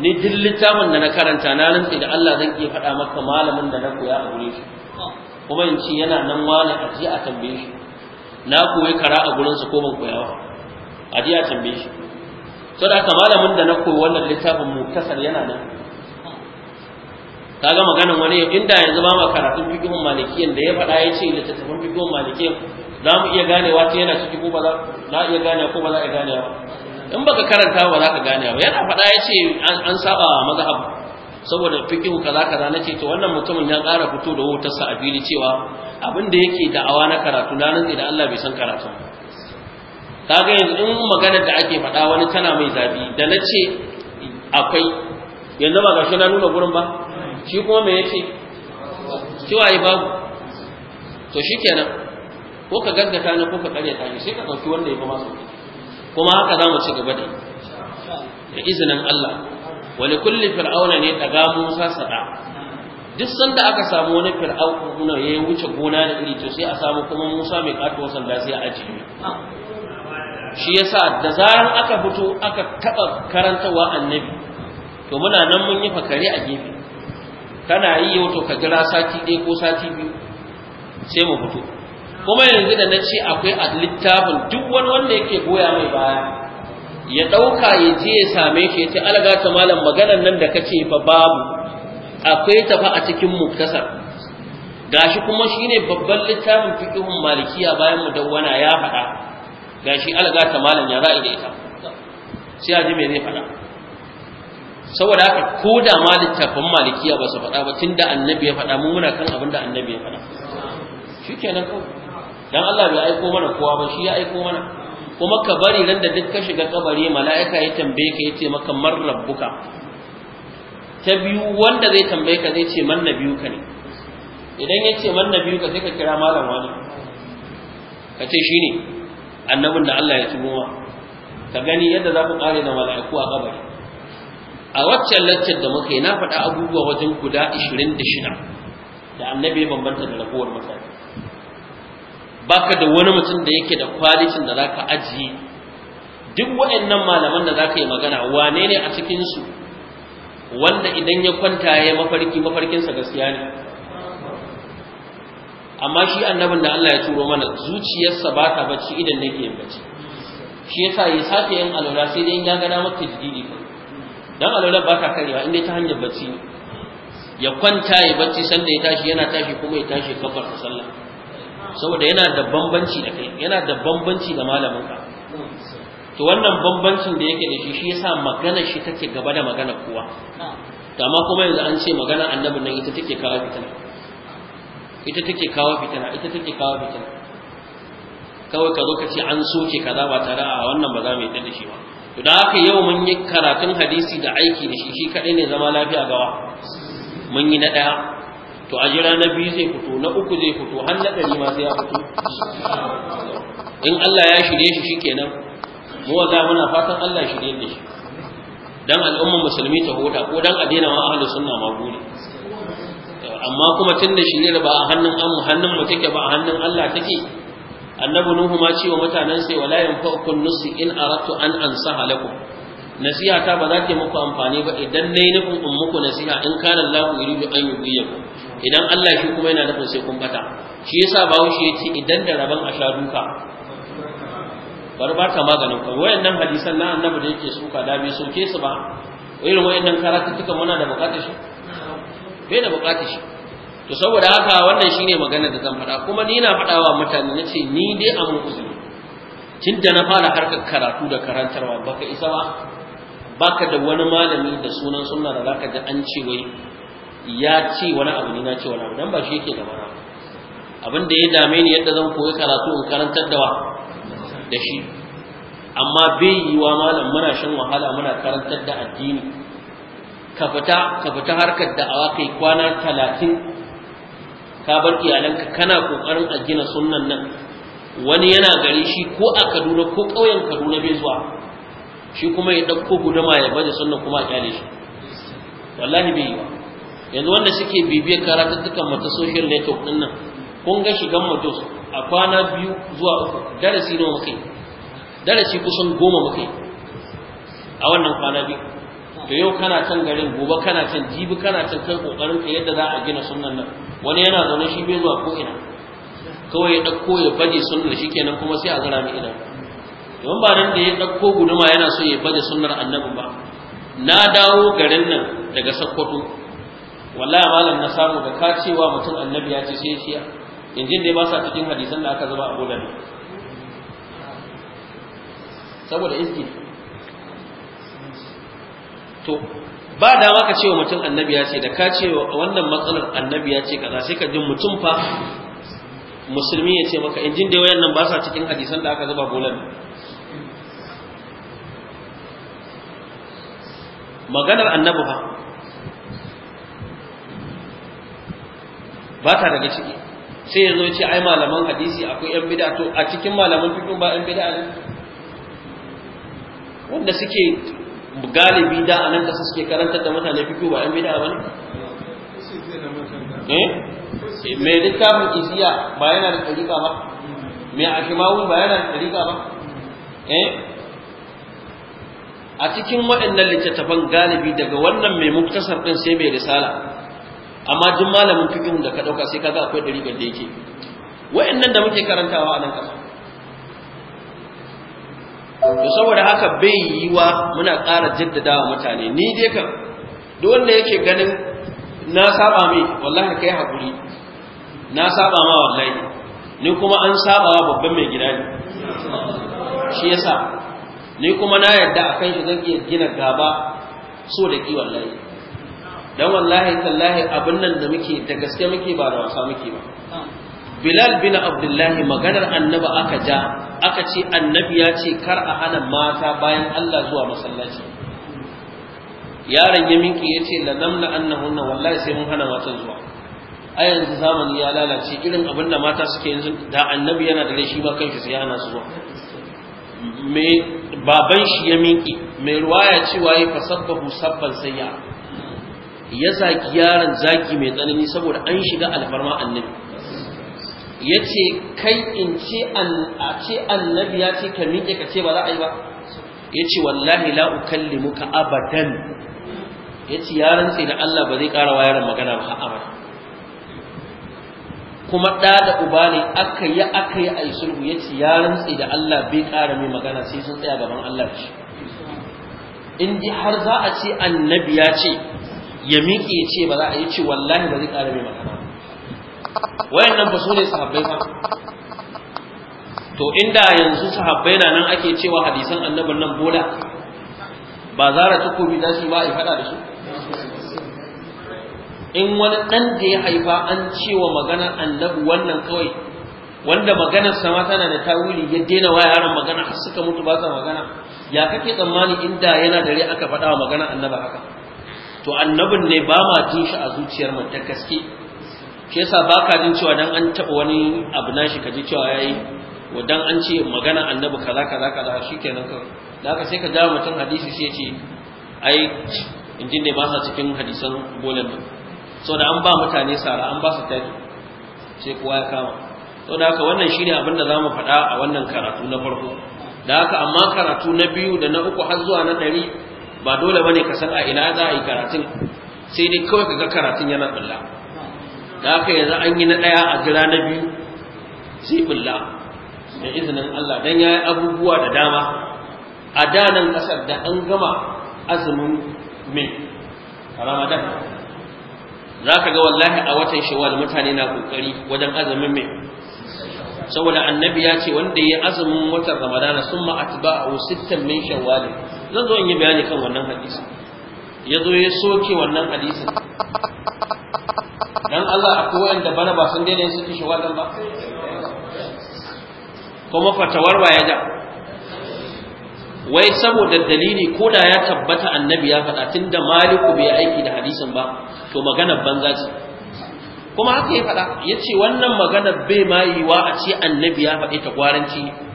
ni duk littafin da na karanta na rantsi da Allah zan iya faɗa maka malamin da na koya a gure shi kuma in ce yana nan a ji a tambaye shi na koyi kara a gurinsa ko ban koya ba ji a tambaye shi sau da haka malamin da na koyi wannan littafin mu muktasar yana nan kaga maganan wani inda yanzu ba ma karatun fikin malikiyan da ya faɗa ya ce littattafan fikihun malikiyan za mu iya ganewa ta yana ciki ko ba za na iya gane ko ba za a iya ba in baka karanta ba za ka gane ba yana faɗa ya ce an saba mazhab saboda fikin kaza kaza nake to wannan mutumin ya ƙara fito da wutar sa a fili cewa abin da yake da'awa na karatu na nan da Allah bai san karatu ga yanzu in magana da ake faɗa wani tana mai zafi da nace akwai yanzu ba gashi na nuna gurin ba shi kuma me yake cewa ai babu to shikenan ko ka gaggata ne ko ka ta ne sai ka ɗauki wanda ya fi masu kuma haka za mu ci gaba da izinin Allah wani kulli fir'auna ne daga musa sada duk sanda aka samu wani fir'auna ya wuce gona da iri to sai a samu kuma musa mai kato sanda sai a ajiye shi yasa da zaran aka fito aka taba karantawa annabi to muna nan mun yi fakari a gefe kana yi yau to ka jira sati ɗaya ko sati biyu sai mu fito kuma yanzu da na ce akwai a littafin duk wani wanda yake goya mai baya ya ɗauka ya je ya same shi ya ce alaga ta malam maganan nan da kace fa babu akwai ta fa a cikin muktasar gashi kuma shine babban littafin fiqhun malikiya bayan mudawwana ya faɗa gashi alaga ta malam ya za'i da ita sai a ji me zai faɗa saboda haka ko da ma littafin malikiya ba su faɗa ba tunda annabi ya faɗa mu muna kan abin da annabi ya faɗa shikenan kawai dan Allah bai aiko mana kowa ba shi ya aiko mana kuma ka bari nan da duk ka shiga kabari mala'ika ya tambaye ka yace maka man rabbuka ta biyu wanda zai tambaye ka zai ce man ka ne idan ya ce man ka, sai ka kira malam wani ka ce shine annabin da Allah ya tubo ma ka gani yadda za ku kare da mala'iku a kabari a waccan laccar da muka yi na faɗa abubuwa wajen guda 26 da annabi ya bambanta da rabuwar mutane baka da wani mutum da yake da kwalitin da zaka ajiye duk waɗannan malaman da zaka yi magana wane ne a cikin su wanda idan ya kwanta ya mafarki mafarkinsa gaskiya ne amma shi annabin da Allah ya turo mana zuciyarsa ba ta bacci idan nake yin bacci shi yasa ya sake yin alwala sai dai ya gana maka jididi ko dan alwala ba ta karewa inda ta hanyar bacci ya kwanta ya bacci sanda ya tashi yana tashi kuma ya tashi kafar sallah saboda yana da bambanci da kai yana da bambanci da malamin ka to wannan bambancin da yake da shi shi yasa magana shi take gaba da magana kowa to amma kuma yanzu an ce magana annabi nan ita take kawo fitina ita take kawo fitina ita take kawo fitina kawai ka zo ka ce an soke kaza ba tare a wannan ba za mu yi da shi ba to da haka yau mun yi karatun hadisi da aiki da shi shi kadai ne zama lafiya gawa mun yi na daya to a jira na biyu zai fito na uku zai fito har na ɗari ma sai ya fito in Allah ya shirye shi shikenan mu wanda muna fatan Allah shirye shi dan al'ummar musulmi ta hota ko dan adena a ahlus sunna ma gure amma kuma tunda shirye ba a hannun an hannun mu take ba a hannun Allah take annabi nuhu ma cewa mutanen sai wala yanfa'ukum nusi in aratu an ansaha lakum nasiha ta ba za ta muku amfani ba idan nayi nufin in muku nasiha in kana Allah yuridu an yubiyakum idan Allah shi kuma yana nufin sai kun bata shi yasa bahaushe ya ce idan da rabon a sha duka bar ba ta maganin kai wayannan hadisan na annabi da yake suka da bai soke su ba irin wayannan karatuttukan muna da bukatar shi bai da bukatar shi to saboda haka wannan shine maganar da zan faɗa kuma ni na faɗawa mutane na ce ni dai a mun uzuri da na fara harkar karatu da karantarwa baka isa ba baka da wani malami da sunan sunna da zaka ji an ce wai ya ce wani abu ne na ce wani abu dan ba shi yake da na abin da ya dame ni yadda zan koyi karatu in karantar da wa da shi amma bai yi wa malam muna shan wahala muna karantar da addini ka fita ka fita harkar awa kai kwana talatin ka bar iyalanka kana kokarin a gina sunnan nan wani yana gari shi ko a Kaduna ko ƙauyen Kaduna bai zuwa shi kuma ya dauko guduma ya baje sunnan kuma a kyale shi wallahi bai yi wa yanzu wanda suke bibiyar karatuttukan mata social network din nan kun ga shigan mutum a kwana biyu zuwa uku darasi nawa muke darasi kusan goma muke a wannan kwana biyu da yau kana can garin gobe kana can jibi kana can kai kokarin ka yadda za a gina sunnan nan wani yana zaune shi bai zuwa ko ina kawai ya dauko ya baje sunnar kenan kuma sai a gara mai idan don ba nan da ya ɗauko guduma yana so ya baje sunnar annabi ba na dawo garin nan daga sakkwato wallahi malam na samu da ka cewa mutum annabi ya ce sai ya injin dai ba sa cikin hadisan da aka zuba a gonar saboda izgi to ba da maka cewa mutum annabi ya ce da ka ce wannan matsalar annabi ya ce kaza sai ka ji mutum fa musulmi ya ce maka injin dai wayannan ba sa cikin hadisan da aka zuba gonar maganar annabi fa ba ta daga ciki sai ya zo ce ai malaman hadisi akwai yan bid'a to a cikin malaman fiqh ba yan bid'a ne wanda suke galibi da anan da suke karanta da mutane fiqh ba yan bid'a bane eh me littafin isiya ba yana da tariqa ba me akimawun ba yana da tariqa ba eh a cikin waɗannan littattafan galibi daga wannan mai muktasar ɗin sai mai risala amma duk malamin fikin da ka ɗauka sai kaga akwai ɗari da yake wayannan da muke karantawa a nan ƙasa to saboda haka bai yiwa muna ƙara jaddadawa mutane ni dai kan duk wanda yake ganin na saba mai wallahi kai hakuri na saba ma wallahi ni kuma an saba wa babban mai gida ne shi yasa ni kuma na yadda kan shi zan iya gina gaba so da ki wallahi dan wallahi tallahi abin nan da muke da gaske muke ba da wasa muke ba Bilal bin Abdullahi maganar annabi aka ja aka ce annabi ya ce kar a hana mata bayan Allah zuwa masallaci yaron ya minki ya ce la namna annahunna wallahi sai mun hana matan zuwa a yanzu zamani ya lalace irin abin da mata suke yanzu da annabi yana da laifi ba kanshi sai hana su zuwa me baban shi ya minki mai ruwaya cewa ya fasabbahu sabban sayya ya zaki yaron zaki mai tsanani saboda an shiga alfarma annabi ya ce kai in ce a ce annabi ya ce ka miƙe ka ce ba za a yi ba ya ce wallahi la'u kalli muka abadan ya ce yaron sai da Allah ba zai ƙara wayar magana ba abada kuma ɗa da uba ne aka yi aka yi a yi ya ce yaron sai da Allah bai ƙara mai magana sai sun tsaya gaban Allah da shi in har za a ce annabi ya ce ya miƙe ya ce ba za a yi ce wallahi ba zai ƙara mai magana wayannan ba su ne sahabbai ba to inda yanzu sahabbai na nan ake cewa hadisan annabin nan bola ba zara takobi za su ba a faɗa da su in wani ɗan da ya haifa an cewa magana annabi wannan kawai wanda maganar sama tana da tawili ya daina wa yaran magana har suka mutu ba sa magana ya kake tsammani inda yana dare aka faɗa wa magana annaba haka to annabin ne ba ma jin shi a zuciyar mu ta gaske shi yasa ka jin cewa dan an taba wani abu na ka kaji cewa yayi wa an ce magana annabi kaza kaza kaza shikenan ka da haka sai ka jawo mutum hadisi sai ya ce ai injin ne ba sa cikin hadisan bolan nan da an ba mutane sara an ba su tafi sai kowa ya kama da haka wannan shine abin da zamu faɗa a wannan karatu na farko da haka amma karatu na biyu da na uku har zuwa na ɗari ba dole bane ka san a ina za a yi karatun sai dai kawai ka ga karatun yana bulla da aka yanzu an yi na ɗaya a jira na biyu sai bulla da izinin Allah dan yayi abubuwa da dama a danan kasar da an gama azumin mai Ramadan zaka ga wallahi a watan Shawwal mutane na kokari wajen azumin mai saboda annabi ya ce wanda ya azumin watan Ramadan a atba'u sittan min shawwal zan zo in yi bayani kan wannan hadisi ya zo ya soke wannan hadisi dan Allah akwai wanda bana ba sun daina su kishi wannan ba kuma fatawar ya da wai saboda dalili ko da ya tabbata annabi ya faɗa tunda maliku bai aiki da hadisin ba to magana banza ce kuma haka ya faɗa ya ce wannan magana bai ma yiwa a ce annabi ya faɗi ta gwaranci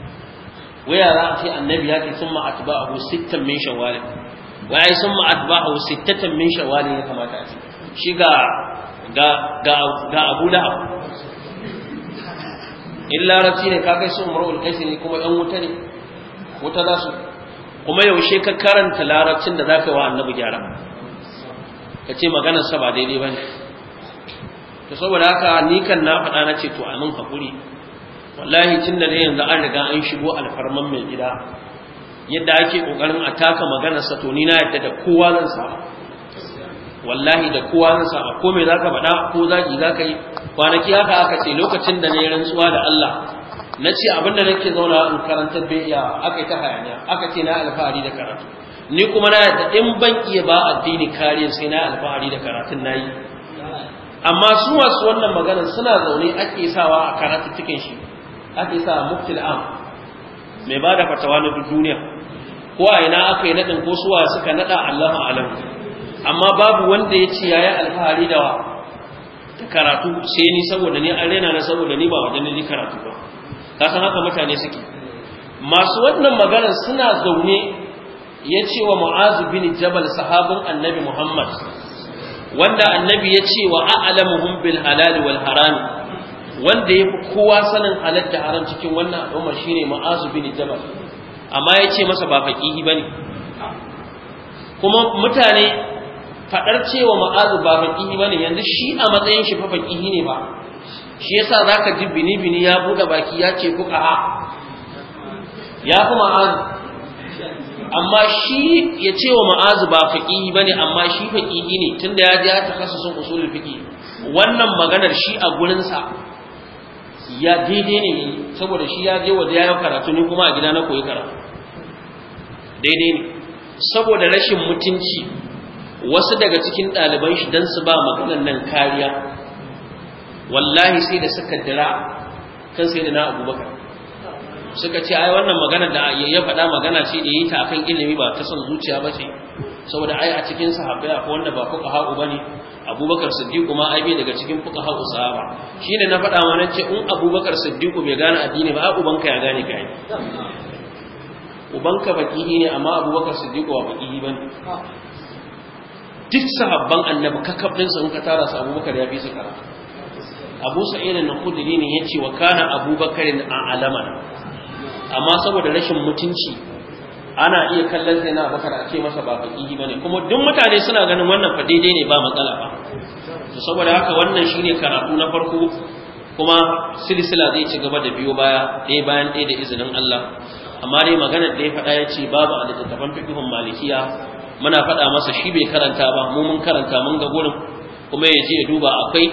waya za a ce annabi ya ce sun ma'atba abu sittan min shawali waya sun ma'atba abu sittatan min shawali ya kamata a ce shi ga ga abu lahab in larabci ne kakai su umarul kaisi ne kuma yan wuta ne wuta za su kuma yaushe ka karanta larabcin da za ka yi wa annabi gyara ka ce maganarsa sa ba daidai ba ne to saboda haka ni kan na faɗa na ce to a min haƙuri wallahi tun da yanzu an riga an shigo alfarman mai gida yadda ake kokarin a taka maganarsa to ni na yadda da kowa zan sa wallahi da kowa zan sa ko me zaka faɗa ko zaki zaka yi kwanaki haka aka ce lokacin da na rantsuwa da Allah na ce abin da nake zauna in karantar bai iya aka yi ta hayaniya aka ce na alfahari da karatu ni kuma na yadda in ban iya ba addini kariya sai na alfahari da karatun na yi amma su masu wannan maganar suna zaune ake sawa a karatu cikin shi ake sa mukti am mai ba da fatawa na duniya ko a ina aka yi naɗin ko suwa suka naɗa Allahu alam amma babu wanda ya ce yayi alfahari da ta karatu sai ni saboda ni an rena na saboda ni ba wajen ni karatu ba ka san haka mutane suke masu wannan maganar suna zaune ya ce wa mu'azu bin jabal sahabin annabi muhammad wanda annabi ya ce wa a'lamuhum bil halal wal haram wanda ya fi kowa sanin halal da haram cikin wannan al'umma shine ma'azu bin jabal amma ya ce masa ba faƙihi ba ne kuma mutane faɗar cewa ma'azu ba faƙihi ba ne yanzu shi a matsayin shi fa faƙihi ne ba shi yasa za ka ji bini-bini ya buɗe baki ya ce kuka ha ya fi ma'azu amma shi ya ce wa ma'azu ba faƙihi ba ne amma shi faƙihi ne tunda ya ji ya kasa sun usulun fiƙi wannan maganar shi a gurinsa ya daidai ne saboda shi ya je waje ya karatu ni kuma a gida na koyi karatu daidai ne saboda rashin mutunci wasu daga cikin ɗaliban shi don su ba maganan nan kariya wallahi sai da suka dira kan sai da na abubakar suka ce ai wannan magana da ya faɗa magana ce da yi ta akan ilimi ba ta son zuciya ba ce saboda ai a cikin sahabbai akwai wanda ba fuka ba bane abubakar siddiq ma ai bai daga cikin fuka ha'u sahaba shine na faɗa mana ce in abubakar siddiq bai gane addini ba ai ubanka ya gane kai ubanka baƙi ne amma abubakar siddiq ba ba bane duk sahabban annabi kakabdin sun ka tara su abubakar ya fi su kara abu sa'id na khudri ne yace wa kana Abubakarin a alamana amma saboda rashin mutunci ana iya kallon sai na bakar a ce masa ba faƙihi ba ne kuma duk mutane suna ganin wannan fa daidai ne ba matsala ba to saboda haka wannan shine karatu na farko kuma silisila zai ci gaba da biyo baya ɗaya bayan ɗaya da izinin Allah amma dai magana da ya faɗa ya ce babu a littattafan fiƙihun malikiya muna faɗa masa shi bai karanta ba mu mun karanta mun ga gurin kuma ya je ya duba akwai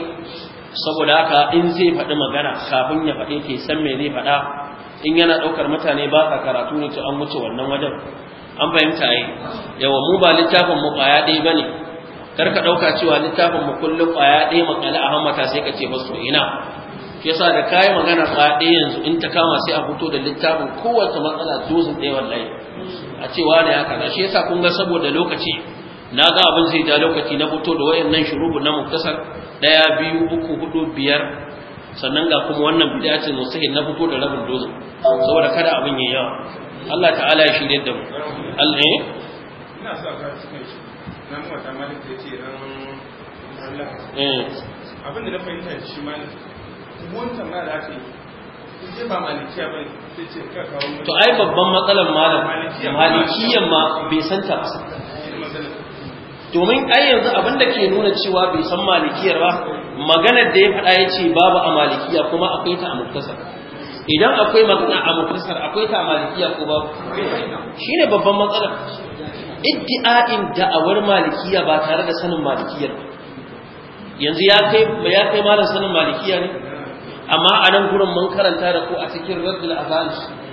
saboda haka in zai faɗi magana kafin ya faɗi ke san me zai faɗa in yana ɗaukar mutane ba a karatu ne to an wuce wannan wajen an fahimta yi yawa mu ba littafin mu ƙwaya ɗaya ba ne kar ka ɗauka cewa littafin mu kullum ƙwaya ɗaya makale a hammata sai ka ce ba su ina shi yasa da kayi magana ƙwaya ɗaya yanzu in ta kama sai a fito da littafin kowace matsala dozin ɗaya wallahi a cewa da ya kaza shi yasa kun ga saboda lokaci na ga abin zai ja lokaci na fito da wayannan shurubu na muktasar ɗaya biyu uku hudu biyar sannan ga kuma wannan bid'a ce mustahil na fito da rabin dozo saboda kada abin yayi yawa Allah ta'ala ya shirye da mu Allah eh? ne ina sa ka cikin shi nan mu ta malik ya ce ran Allah eh abin da na fahimta shi malik ta ma da ka yi to ai babban matsalar malam malikiyan ma bai san ta ba domin ai yanzu abin da ke nuna cewa bai san malikiyar ba maganar da ya faɗa ya ce babu a malikiya kuma akwai ta a muktasar idan akwai magana a muktasar akwai ta a malikiya ko babu shi ne babban matsalar iddi'a'in da'awar malikiya ba tare da sanin malikiyar ba yanzu ya kai ya kai malam sanin malikiya ne amma a nan gurin mun karanta da ko a cikin raddul azan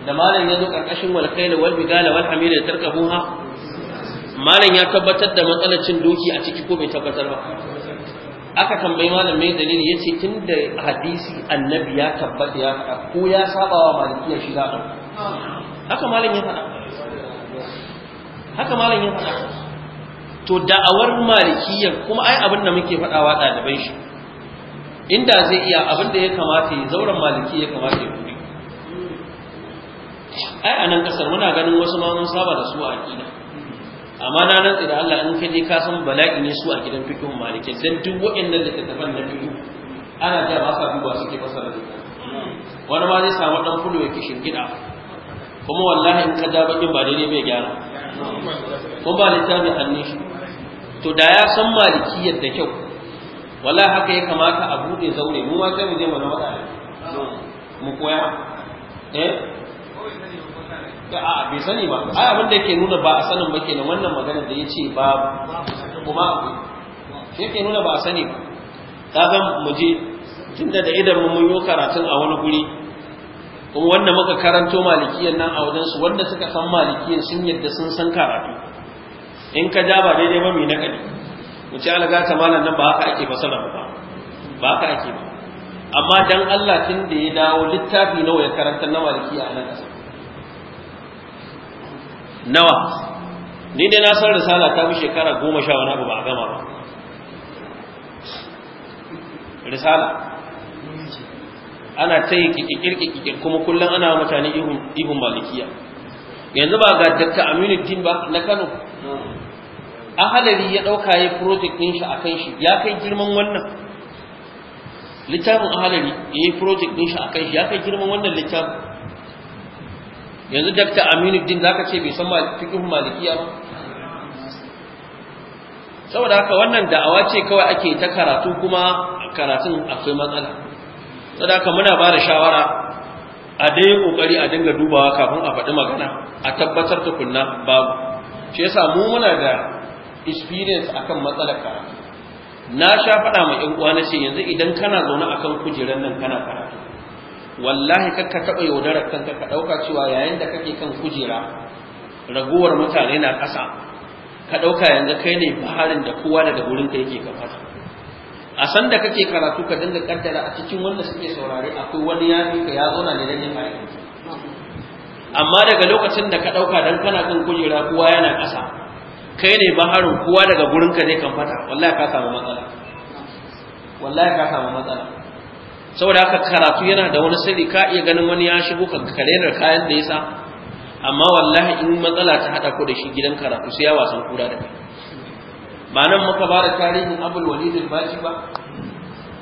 da malam ya zo karkashin walkaila walbigala walhamila bidal da tarka tarkabuha malam ya tabbatar da matsalar cin doki a ciki ko bai tabbatar ba aka tambayi malam mai dalili ya ce tun da hadisi annabi ya tabbata ya faɗa ko ya saba wa malikiya shi za haka malam ya faɗa haka malam ya faɗa to da'awar malikiyan kuma ai abin da muke faɗawa ɗaliban shi inda zai iya abin da ya kamata ya zauren maliki ya kamata ya buɗe ai a nan ƙasar muna ganin wasu ma mun saba da su a aƙida amma na nan tsira Allah in ka je ka san bala'i ne su a gidan fikihun maliki dan duk waɗannan littattafan na fikihu ana da ba sa duba suke fasara da wani ma zai samu dan fulo yake shingida kuma wallahi in ka ja bakin ba daidai bai gyara ko ba littafin annishi to da ya san maliki da kyau wallahi haka ya kamata a bude zaune mu ma sai mu je mu na mu koya eh a bai sani ba ai abin da yake nuna ba a sanin ba kenan wannan magana da yace ba. kuma akwai shi yake nuna ba a sani ba kaga mu je tunda da idan mun yi karatun a wani guri kuma wanda muka karanto malikiyan nan a wajen su wanda suka san malikiyan sun yadda sun san karatu in ka ja ba daidai ba mai nakali mu ci alaga malam nan ba haka ake fasara ba ba haka ake ba amma dan Allah tun da ya dawo littafi nawa ya karanta na malikiya a nan ƙasa nawa ni dai na san risala ta bi shekara goma sha wani abu ba a gama ba risala ana ta yi kikikir kuma kullum ana mutane ihun malikiya yanzu ba ga dakta aminu din ba na kano halari ya ɗauka ya project ɗin shi a kan shi ya kai girman wannan littafin ahalari ya yi project ɗin shi a kan shi ya kai girman wannan littafin yanzu dakta din za ka ce bai san fikihun malikiya ba saboda haka wannan da'awa ce kawai ake ta karatu kuma karatun akwai matsala saboda haka muna ba da shawara a dai kokari a dinga dubawa kafin a faɗi magana a tabbatar da kunna babu shi yasa mu muna da experience akan matsalar karatu na sha faɗa ma ƴan uwa na ce yanzu idan kana zaune akan kujerar nan kana karatu wallahi kakka taɓa yaudarar kanka ka ɗauka cewa yayin da kake kan kujera raguwar mutane na ƙasa ka ɗauka yanzu kai ne baharin da kowa daga gurin ka yake gabata a san da kake karatu ka dinga kaddara a cikin wanda suke saurare akwai wani ya ka ya zauna ne don yin aiki amma daga lokacin da ka ɗauka don kana kan kujera kowa yana ƙasa kai ne baharin kowa daga gurin ka ne kan fata wallahi ka samu matsala wallahi ka samu matsala saboda haka karatu yana da wani sirri ka iya ganin wani ya shigo ka karenar kayan da ya sa amma wallahi in matsala ta hada ko da shi gidan karatu sai ya wasan kura da kai ba nan muka ba da tarihin abul walid al ba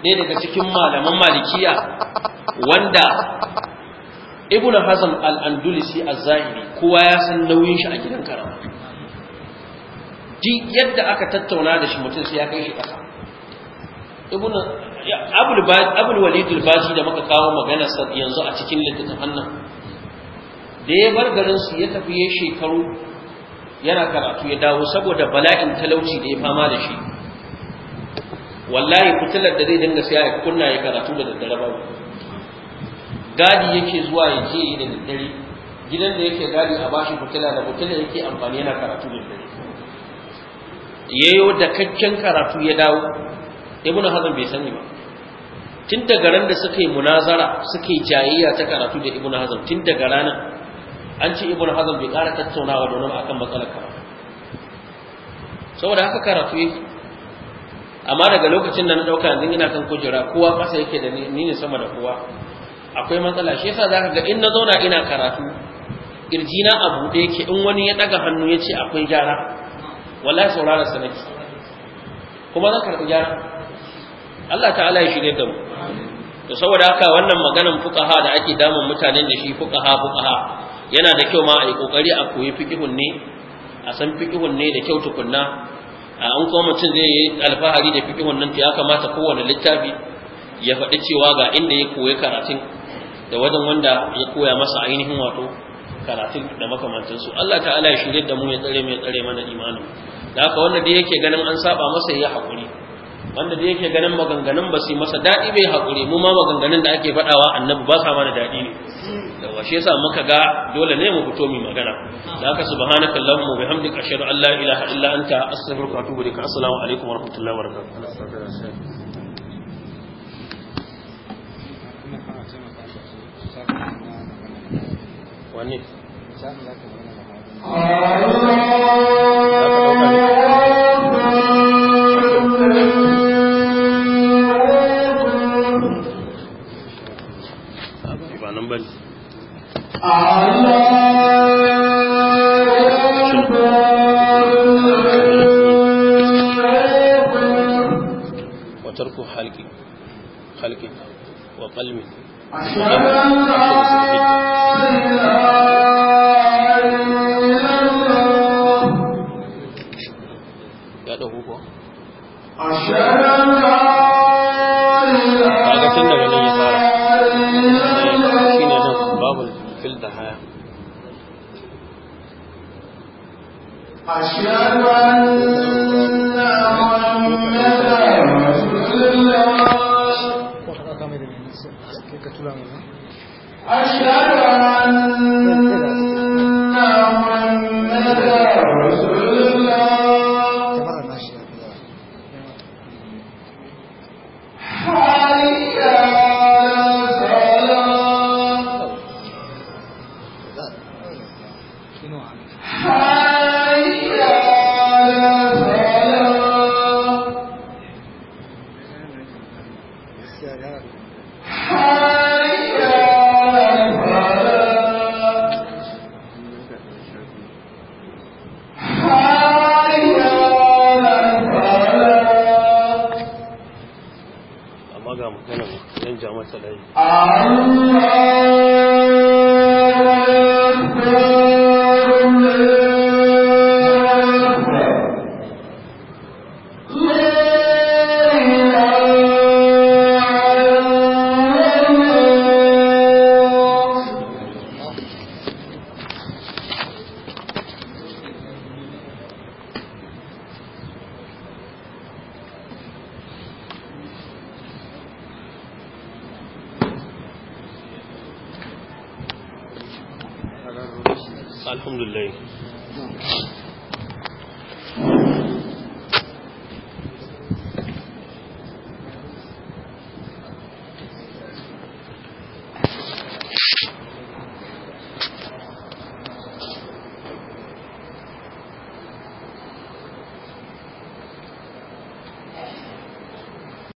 ne daga cikin malaman malikiya wanda ibnu hazm al-andalusi az-zahiri kowa ya san nauyin shi a gidan karatu duk yadda aka tattauna da shi mutum sai ya kai shi kasa ibnu abul walid al-bashi da muka kawo magana yanzu a cikin littafin nan da ya bar garin su ya tafi ya shekaru yana karatu ya dawo saboda bala'in talauci da ya fama da shi wallahi fitilar da zai dinga siya ya kunna ya karatu da daddare ba gadi yake zuwa ya je da daddare gidan da yake gadi a bashi fitila da fitila yake amfani yana karatu da daddare yayo da kakken karatu ya dawo ibnu hazan bai sani ba tun daga ran da suka yi munazara suka yi jayayya ta karatu da ibnu hazm tun daga ranar an ce ibnu hazm bai ƙara tattaunawa da wani akan matsalar ka saboda haka karatu yake amma daga lokacin da na dauka yanzu ina kan kujera kowa kasa yake da ni ne sama da kowa akwai matsala shi yasa zaka ga in na zauna ina karatu kirjina a buɗe yake in wani ya daga hannu ya ce akwai gyara wallahi saurara sanaki kuma zan karɓi gyara Allah ta'ala ya shirye da mu to saboda haka wannan maganan fuqaha da ake damun mutanen da shi fuqaha fuqaha yana da kyau ma a yi kokari a koyi fiqihun ne a san fiqihun ne da kyau tukunna a an kuma mutum zai yi alfahari da fiqihun nan to ya kamata kowane littafi ya faɗi cewa ga inda ya koyi karatun da wajen wanda ya koya masa ainihin wato karatun da su Allah ta'ala ya shirye da mu ya tsare mu ya tsare mana imanin da haka wanda da yake ganin an saba masa ya haƙuri wanda da yake ganin maganganun ba su masa daɗi bai haƙuri mu ma maganganun da ake faɗawa annabi ba sa mana daɗi ne da washe sa muka ga dole ne mu fito mu magana da aka subhanaka allahumma bihamdika ashhadu an la ilaha illa anta astaghfiruka wa atubu ilaik assalamu alaikum wa قلبي